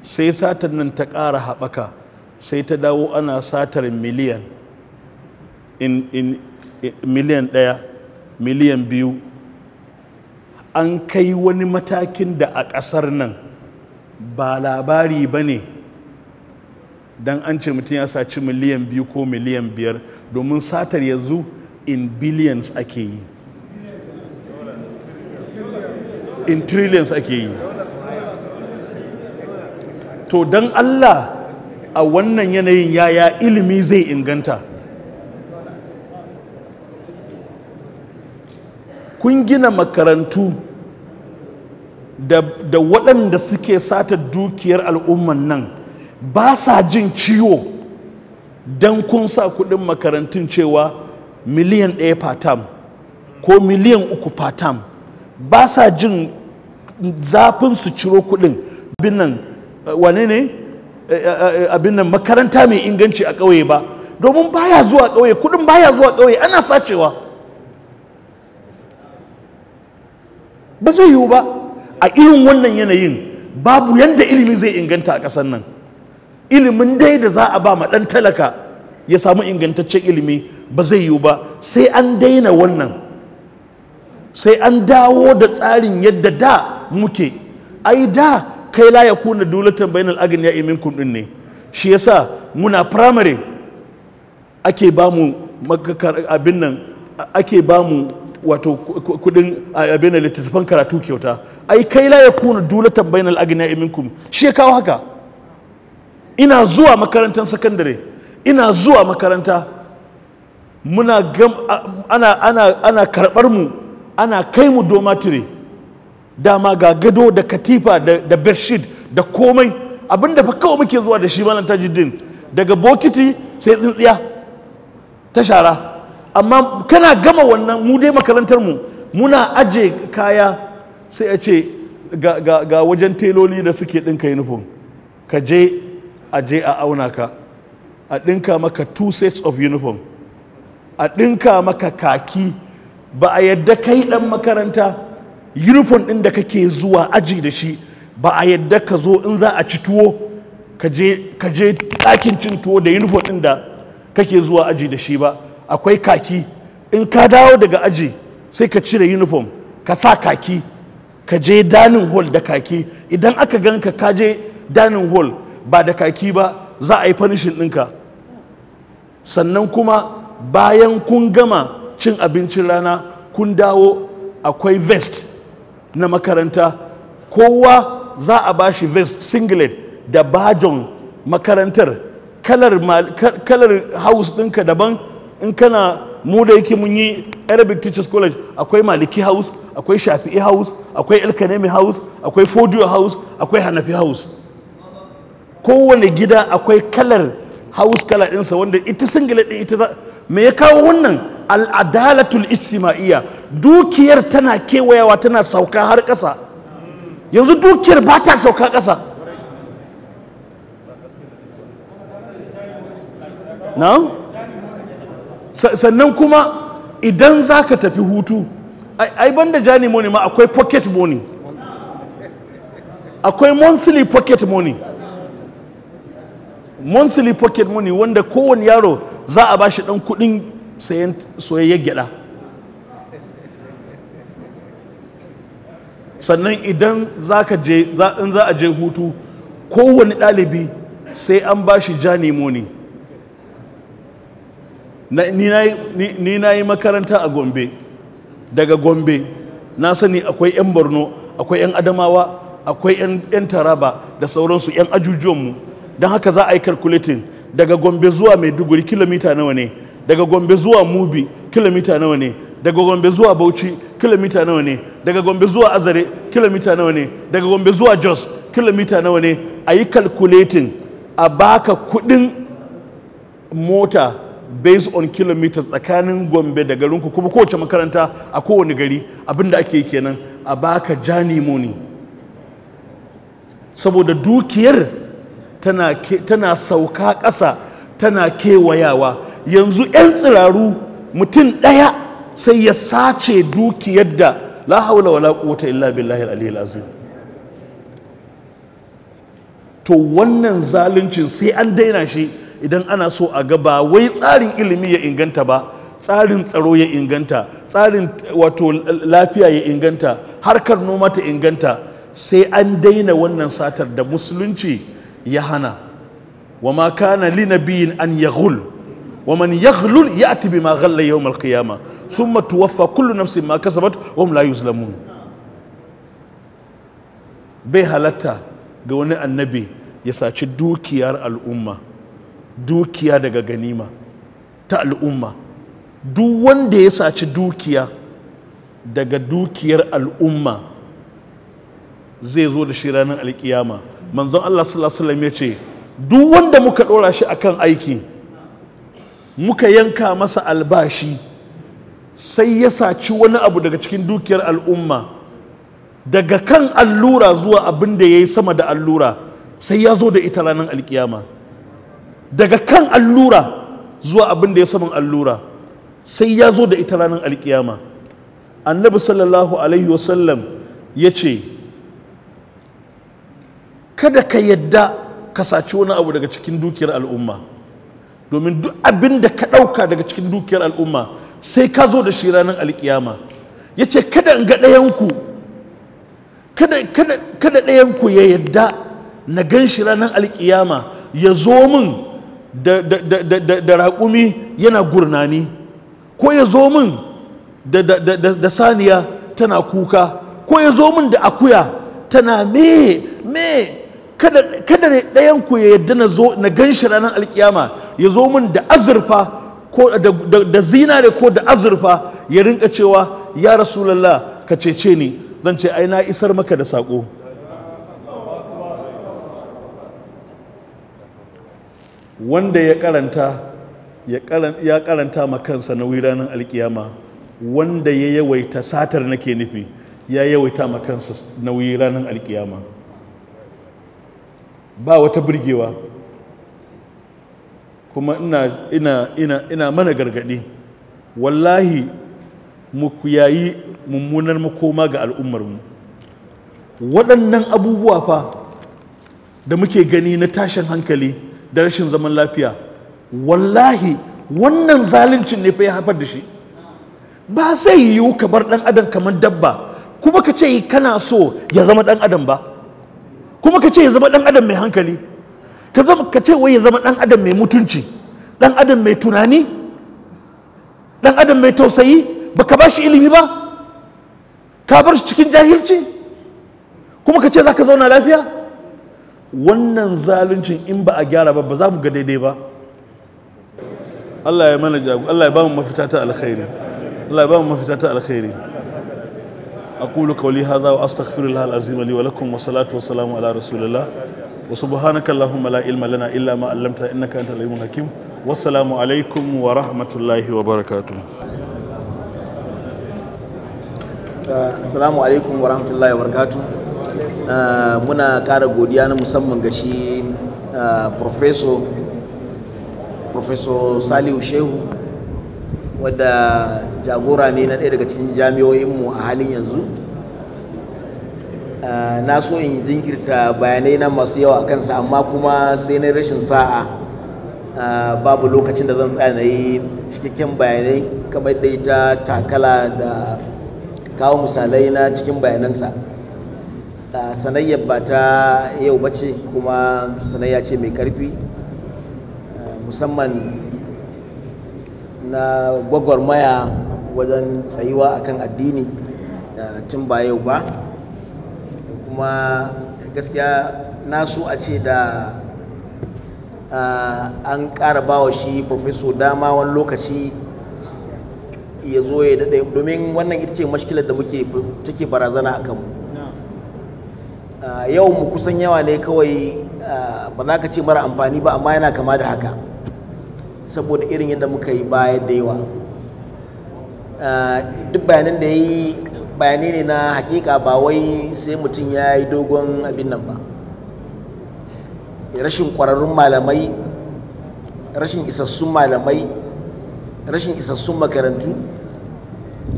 Speaker 1: sai satar nan ta ƙara haɓaka sai ta dawo ana satar miliyan in, in, in eh, miliyan ɗaya miliyan biyu an kai wani matakin da a ƙasar nan ba labari ba ne don an ce mutum ya saci miliyan biyu ko miliyan biyar domin satar yanzu in billions ake yi in trillions ake yi to don allah a wannan yanayin yaya ilimi zai inganta kun gina makarantu da, waɗanda suke sata dukiyar al'umman nan ba sa jin ciwo don kun sa kuɗin makarantun cewa miliyan ɗaya fatam ko miliyan uku fatam ba sa jin zafin su ciro kuɗin abin nan eh, wane ne eh, eh, abin makaranta mai inganci a ƙauye ba domin baya zuwa ƙauye kuɗin baya zuwa ƙauye ana sacewa ba zai yiwu ba a irin wannan yanayin babu yadda ilimi zai inganta a ƙasar nan ilimin dai da za a ba ma ɗan talaka ya samu ingantaccen ilimi ba zai yiwu ba sai an daina wannan sai an dawo da tsarin yadda da muke ai da kai la ya kuna dulatan al'agin ya imin din ne shi yasa muna primary ake ba mu abin nan ake ba mu wato kudin abin littattafan karatu kyauta ai kai la ya kuna dulatan ya imin iminkum shi ya kawo haka ina zuwa makarantar sakandare ina zuwa makaranta muna gam, ana, ana, ana karɓar mu ana kai mu domatire dama ga gado da katifa da, da bershid da komai abinda fa kawai muke zuwa da shi malam tajuddin daga bokiti sai tsintsiya ta shara amma kana gama wannan mu dai makarantar mu muna aje kaya sai a ce ga, wajen teloli da suke ɗinka uniform ka je a je a auna ka a ɗinka maka two sets of uniform a ɗinka maka kaki ba a yadda kai ɗan makaranta uniform ɗin da kake zuwa aji da shi ba a yadda ka zo in za a ci tuwo ka je ɗakin cin tuwo da uniform ɗin da kake zuwa aji da shi ba akwai kaki in ka dawo daga aji sai ka cire uniform ka sa kaki ka je hol hall da kaki idan aka ganka ka je hol. hall ba da kaki ba za a yi fanishin ɗinka sannan kuma bayan kun gama cin abincin rana kun dawo akwai vest na makaranta kowa za a ba shi vest singlet da bajon makarantar kalar, kalar house ɗinka daban in kana mu da yake mun yi arabic teachers college akwai maliki house akwai shafi'i house akwai elkanemi house akwai fodiyo house akwai hanafi house kowane gida akwai kalar house kala ɗinsa wanda ita singila ɗin ita me ya kawo wannan al'adalatul ijtima'iyya dukiyar tana kewayawa tana sauka har ƙasa yanzu dukiyar ba ta sauka ƙasa na sannan kuma idan za ka tafi hutu ai ban da jani money ma akwai pocket money akwai monthly pocket money monthly pocket money wanda kowane yaro za a bashi dan kudin sayan soyayyen gyaɗa sannan idan za a je hutu kowane ɗalibi sai an bashi jani moni ni na yi makaranta a gombe daga gombe na sani akwai 'yan borno akwai 'yan adamawa akwai 'yan taraba da sauransu 'yan ajujuwanmu don haka za a yi calculating daga gombe zuwa maiduguri kilomita nawa ne daga gombe zuwa mubi kilomita nawa ne daga gombe zuwa bauchi kilomita nawa ne daga gombe zuwa azare kilomita nawa ne daga gombe zuwa jos kilomita nawa ne a yi calculating a baka kudin mota based on kilometers tsakanin gombe da garinku kuma kowace makaranta a kowane gari abinda ake kenan a baka jani muni saboda dukiyar tana sauka ƙasa tana kewayawa yanzu 'yan tsiraru mutum ɗaya sai ya sace dukiyar da la haula wa quwwata illa billahi al azim to wannan zaluncin sai an daina shi idan ana so a ga ba wai tsarin ilimi ya inganta ba tsarin tsaro ya inganta tsarin wato lafiya ya inganta harkar noma ta inganta sai an daina wannan satar da musulunci ya hana wa ma kana li nabiyin an yaghul wa man yaghlul ya'ti bima ghalla yawm al thumma tuwaffa kullu nafsin ma kasabat wa hum la yuzlamun bai halatta ga wani annabi ya saci dukiyar al'umma dukiya daga ganima ta al'umma duk wanda ya saci dukiya daga dukiyar al'umma zai zo da shi ranar alkiyama manzon Allah sallallahu alaihi ya ce duk wanda muka ɗora shi akan aiki muka yanka masa albashi sai ya saci wani abu daga cikin dukiyar al'umma daga kan allura zuwa abin da ya yi sama da allura sai ya zo da ita ranar alkiyama daga kan allura zuwa abin da ya saman allura sai ya zo da ita ranar alkiyama annabi sallallahu alaihi wasallam ya ce kada ka yadda ka saci wani abu daga cikin dukiyar al'umma domin duk abin da ka ɗauka daga cikin dukiyar al'umma sai ka zo da shi ranar alkiyama ya ce kada in ga ɗayanku kada ɗayanku ya yadda na gan shi ranar alkiyama ya zo min da raƙumi yana gurnani ko ya zo min da saniya tana kuka ko ya zo min da akuya tana me me kada kada ɗayan ku ya yadda na zo na gan shi ranar alkiyama ya zo min da azurfa ko da zinare ko da azurfa ya rinka cewa ya rasulallah ka cece ni zan ce ai na isar maka da saƙo wanda ya karanta ya karanta ma kansa na ranar alkiyama wanda ya yawaita satar nake nufi ya yawaita ma kansa na ranar alkiyama ba wata burgewa kuma ina, mana gargaɗi wallahi mu yayi mummunar makoma ga al'ummarmu waɗannan abubuwa fa da muke gani na tashin hankali da rashin zaman lafiya wallahi wannan zaluncin ne fa ya haifar da shi ba zai yiwu ka bar ɗan adam kamar dabba kuma ka ce kana so ya zama ɗan adam ba kuma ka ce ya zama dan adam mai hankali ka zama ka ce wai ya zama dan adam mai mutunci dan adam mai tunani dan adam mai tausayi baka ba shi ilimi ba ka bar shi cikin jahilci kuma ka ce za ka zauna lafiya wannan zaluncin in ba a gyara ba ba za mu ga daidai ba Allah ya mana jago Allah ya ba mu mafita ta alkhairi Allah ya ba mu mafita ta alkhairi أقول قولي هذا وأستغفر الله العظيم لي ولكم والصلاة والسلام على رسول الله وسبحانك اللهم لا علم لنا إلا ما علمت إنك أنت العليم الحكيم والسلام عليكم ورحمة الله وبركاته
Speaker 2: السلام عليكم ورحمة الله وبركاته منا كارغو ديانا godiya na بروفيسور بروفيسور سالي وشيهو wadda jagora ne na ɗaya daga cikin jami'o'inmu a halin yanzu ah, na so in jinkirta bayanai na masu yawa a kansa amma kuma sai na rashin sa'a ah, babu lokacin da zan tsaya na yi cikakken bayanai kamar da ita takala da kawo misalai na cikin bayanansa ah, sanayyar ba ta yau bace kuma sanayya ce mai karfi musamman na gwagwarmaya wajen tsayuwa akan addini tun ba yau ba kuma gaskiya na so a ce da an ƙara bawa shi profeso dama wani lokaci ya zo ya daɗe domin wannan ita ce mashkilar da muke take barazana a kanmu yau mu kusan yawa ne kawai ba za ka ce mara amfani ba amma yana kama da haka saboda irin yadda muka yi baya da yawa eh, duk bayanan da ya yi bayanai ne na hakika ba wai sai mutum ya yi dogon abin nan ba rashin ƙwararrun malamai rashin isassun malamai rashin isassun makarantu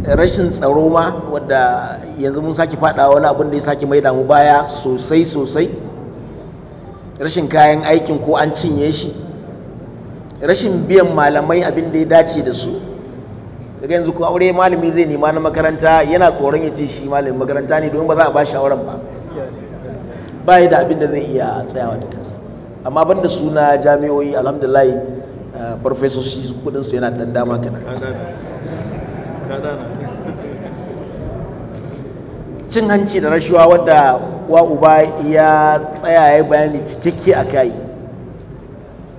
Speaker 2: rashin tsaro ma wadda yanzu mun sake faɗa wani abin da ya sake mai mu baya sosai sosai rashin kayan aikin ko an cinye shi rashin biyan malamai abin da ya dace da su kaga yanzu ko aure malami zai nema na makaranta yana tsoron ya ce shi malamin makaranta ne domin ba za a ba shawaran ba ba yi da abin da zai iya tsayawa da kansa amma ban da suna jami'o'i alhamdulillah farfesoshi eh, kudin su yana dan dama kadan cin hanci da rashuwa wadda wa uba ya tsaya ya bayani cikakke a kayi.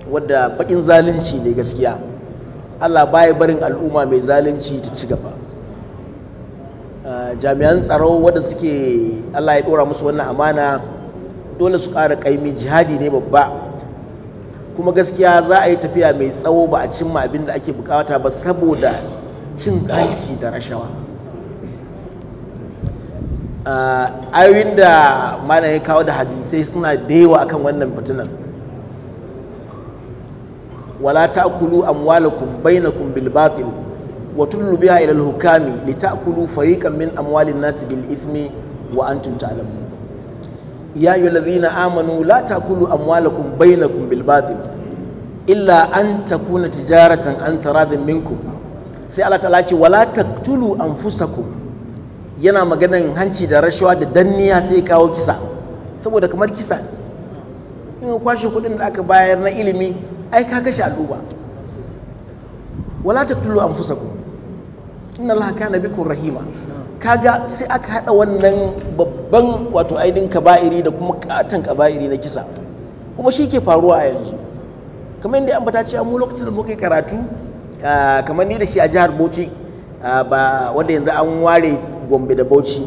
Speaker 2: wadda bakin zalunci ne gaskiya allah baya barin al'umma mai zalunci ta ci gaba jami'an tsaro wadda suke allah ya dora musu wannan amana dole su ƙara ƙaimi jihadi ne babba kuma gaskiya za a yi tafiya mai tsawo ba a cimma abin da ake bukata ba saboda cin hanci da rashawa ayoyin da mana ya kawo da hadisai suna da yawa akan wannan fitinar wala ta'kulu amwalakum bainakum bil batil wa tullu biha hukami li ta'kulu fariqan min amwalin nasi bil ismi wa antum ta'lamun ya ayyuhallazina amanu la ta'kulu kun bainakum kun batil illa an takuna tijaratan an taradin minkum sai Allah ta'ala ce wala taqtulu anfusakum yana maganar hanci da rashawa da danniya sai kawo kisa saboda kamar kisa in kwashe kudin da aka bayar na ilimi ai ka kashe al'umma wala an fusa ku inna allaha kana bikum rahima kaga sai aka hada wannan babban wato ainihin kaba'iri da kuma katan kaba'iri na kisa kuma shi ke faruwa a yanzu kamar yadda bata ce mu lokacin da muka karatu kamar ni da shi a jihar Bauchi ba wanda yanzu an ware Gombe da Bauchi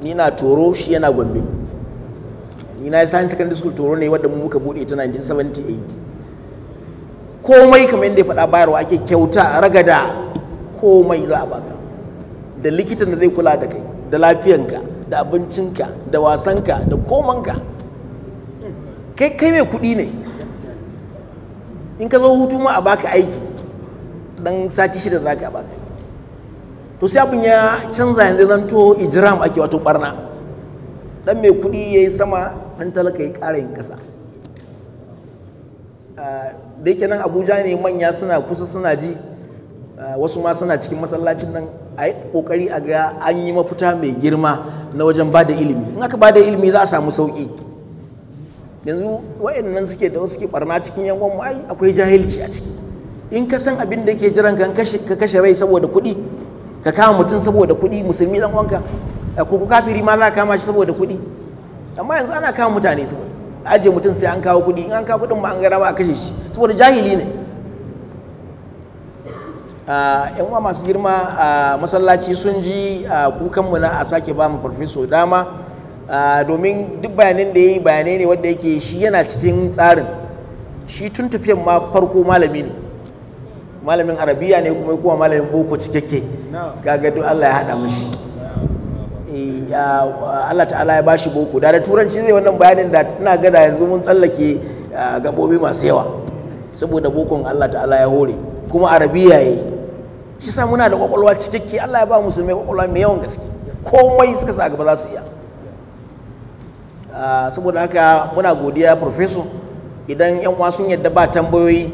Speaker 2: ni na Toro shi yana Gombe ni na science secondary school Toro ne mu muka bude ta 1978 komai kamar yadda ya faɗa bayarwa ake kyauta ragada komai za a baka da likitan da zai kula da kai da lafiyanka da abincinka da wasanka da komanka kai kai mai kuɗi ne in ka zo hutu ma a baka aiki dan sati shida za ka baka to sai abin ya canza yanzu zanto ijiram ake wato barna dan mai kuɗi ya yi sama an talaka ya ƙara yin ƙasa ah, da yake nan abuja ne manya suna kusa suna ji eh, wasu ma suna cikin masallacin nan a yi kokari a ga an yi mafita mai girma na wajen ba da ilimi in aka ba da ilimi za a samu sauki yanzu wa'annan suke da ke barna cikin yangon mu ai akwai jahilci a ciki in ka san abin da yake jiran kan ka kashe rai saboda kuɗi ka kama mutum saboda kuɗi musulmi dan uwanka eh, ko kafiri ma za ka kama shi saboda kuɗi amma yanzu ana kama mutane saboda ajiye mutum sai an kawo kuɗi in an kawo kuɗin ma an gara ma a kashe shi saboda jahili ne ah, yan uwa masu girma a masallaci sun ji kukanmu na a sake ba mu farfeso dama domin duk bayanin da ya yi bayanai ne wanda yake shi yana cikin tsarin shi tun tafiyan ma farko malami ne malamin arabiya ne kuma kuma malamin boko cikakke kaga duk allah ya haɗa mashi Eh, Allah ta'ala ya bashi boko da da turanci zai wannan bayanin da ina gada yanzu mun tsallake gabobi masu yawa saboda bokon Allah ta'ala ya hore kuma arabiya ya yi. shi sa muna da kwakwalwa cikakke Allah ya ba musulmai kwakwalwa mai yawan gaske komai suka sa gaba za su iya saboda haka muna godiya profeso, idan yan uwa sun yadda ba tambayoyi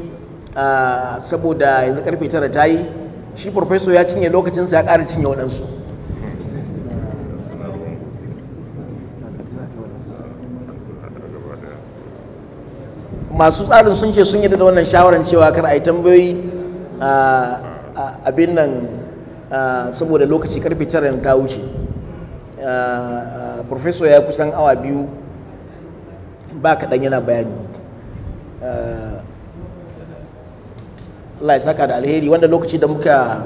Speaker 2: saboda yanzu karfe tara ta yi shi profeso ya cinye lokacinsa ya ƙara cinye waɗansu masu tsarin sun ce sun yi da wannan shawaran cewa kar a yi tambayoyi abin nan saboda lokaci karfe tara ta wuce professor ya kusan awa biyu ba kaɗan yana bayani Allah ya saka da alheri wanda lokaci da muka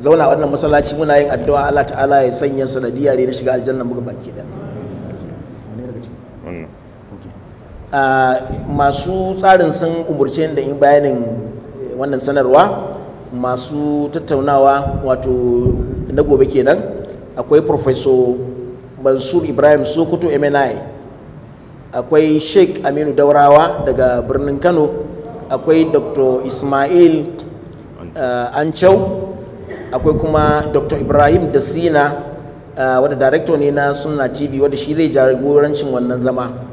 Speaker 2: zauna wannan masallaci muna yin addu'a Allah ta'ala ya sanya sanadiyya ne na shiga aljanna muka baki ɗaya masu tsarin sun umurce da in bayanin eh, wannan sanarwa masu tattaunawa wato na gobe kenan akwai professor mansur ibrahim sokoto mni akwai sheikh aminu daurawa daga birnin kano akwai dr ismail uh, eh, ancau akwai kuma dr ibrahim da sina uh, eh, wadda director ne na suna tv wadda shi zai jagorancin wannan zama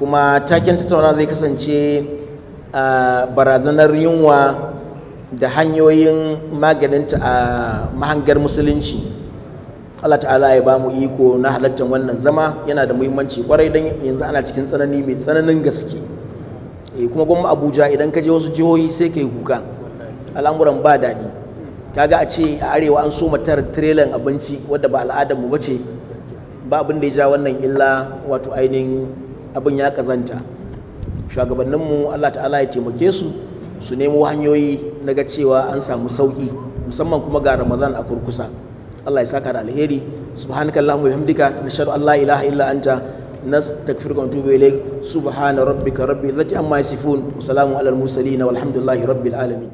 Speaker 2: kuma taken tattauna zai kasance a barazanar yunwa da hanyoyin maganinta a mahangar musulunci Allah ta'ala ya ba mu iko na halattar wannan zama yana da muhimmanci kwarai don yanzu ana cikin tsanani mai tsananin gaske eh, kuma gwamma abuja idan ka je wasu jihohi sai ka yi kuka al'amuran ba daɗi kaga a ce a arewa an so matar tirelan abinci wadda ba al'adar mu ce. ba abin da ya ja wannan illa wato ainihin abin ya kazanta shugabanninmu Allah ta'ala ya taimake su su nemo hanyoyi na ga cewa an samu sauki musamman kuma ga Ramadan a kurkusa Allah ya saka da alheri subhanaka allahumma wa bihamdika nashhadu an la ilaha illa anta nastaghfiruka wa natubu ilayk subhana rabbika rabbil izzati amma yasifun wa salamun alal mursalin walhamdulillahi rabbil alamin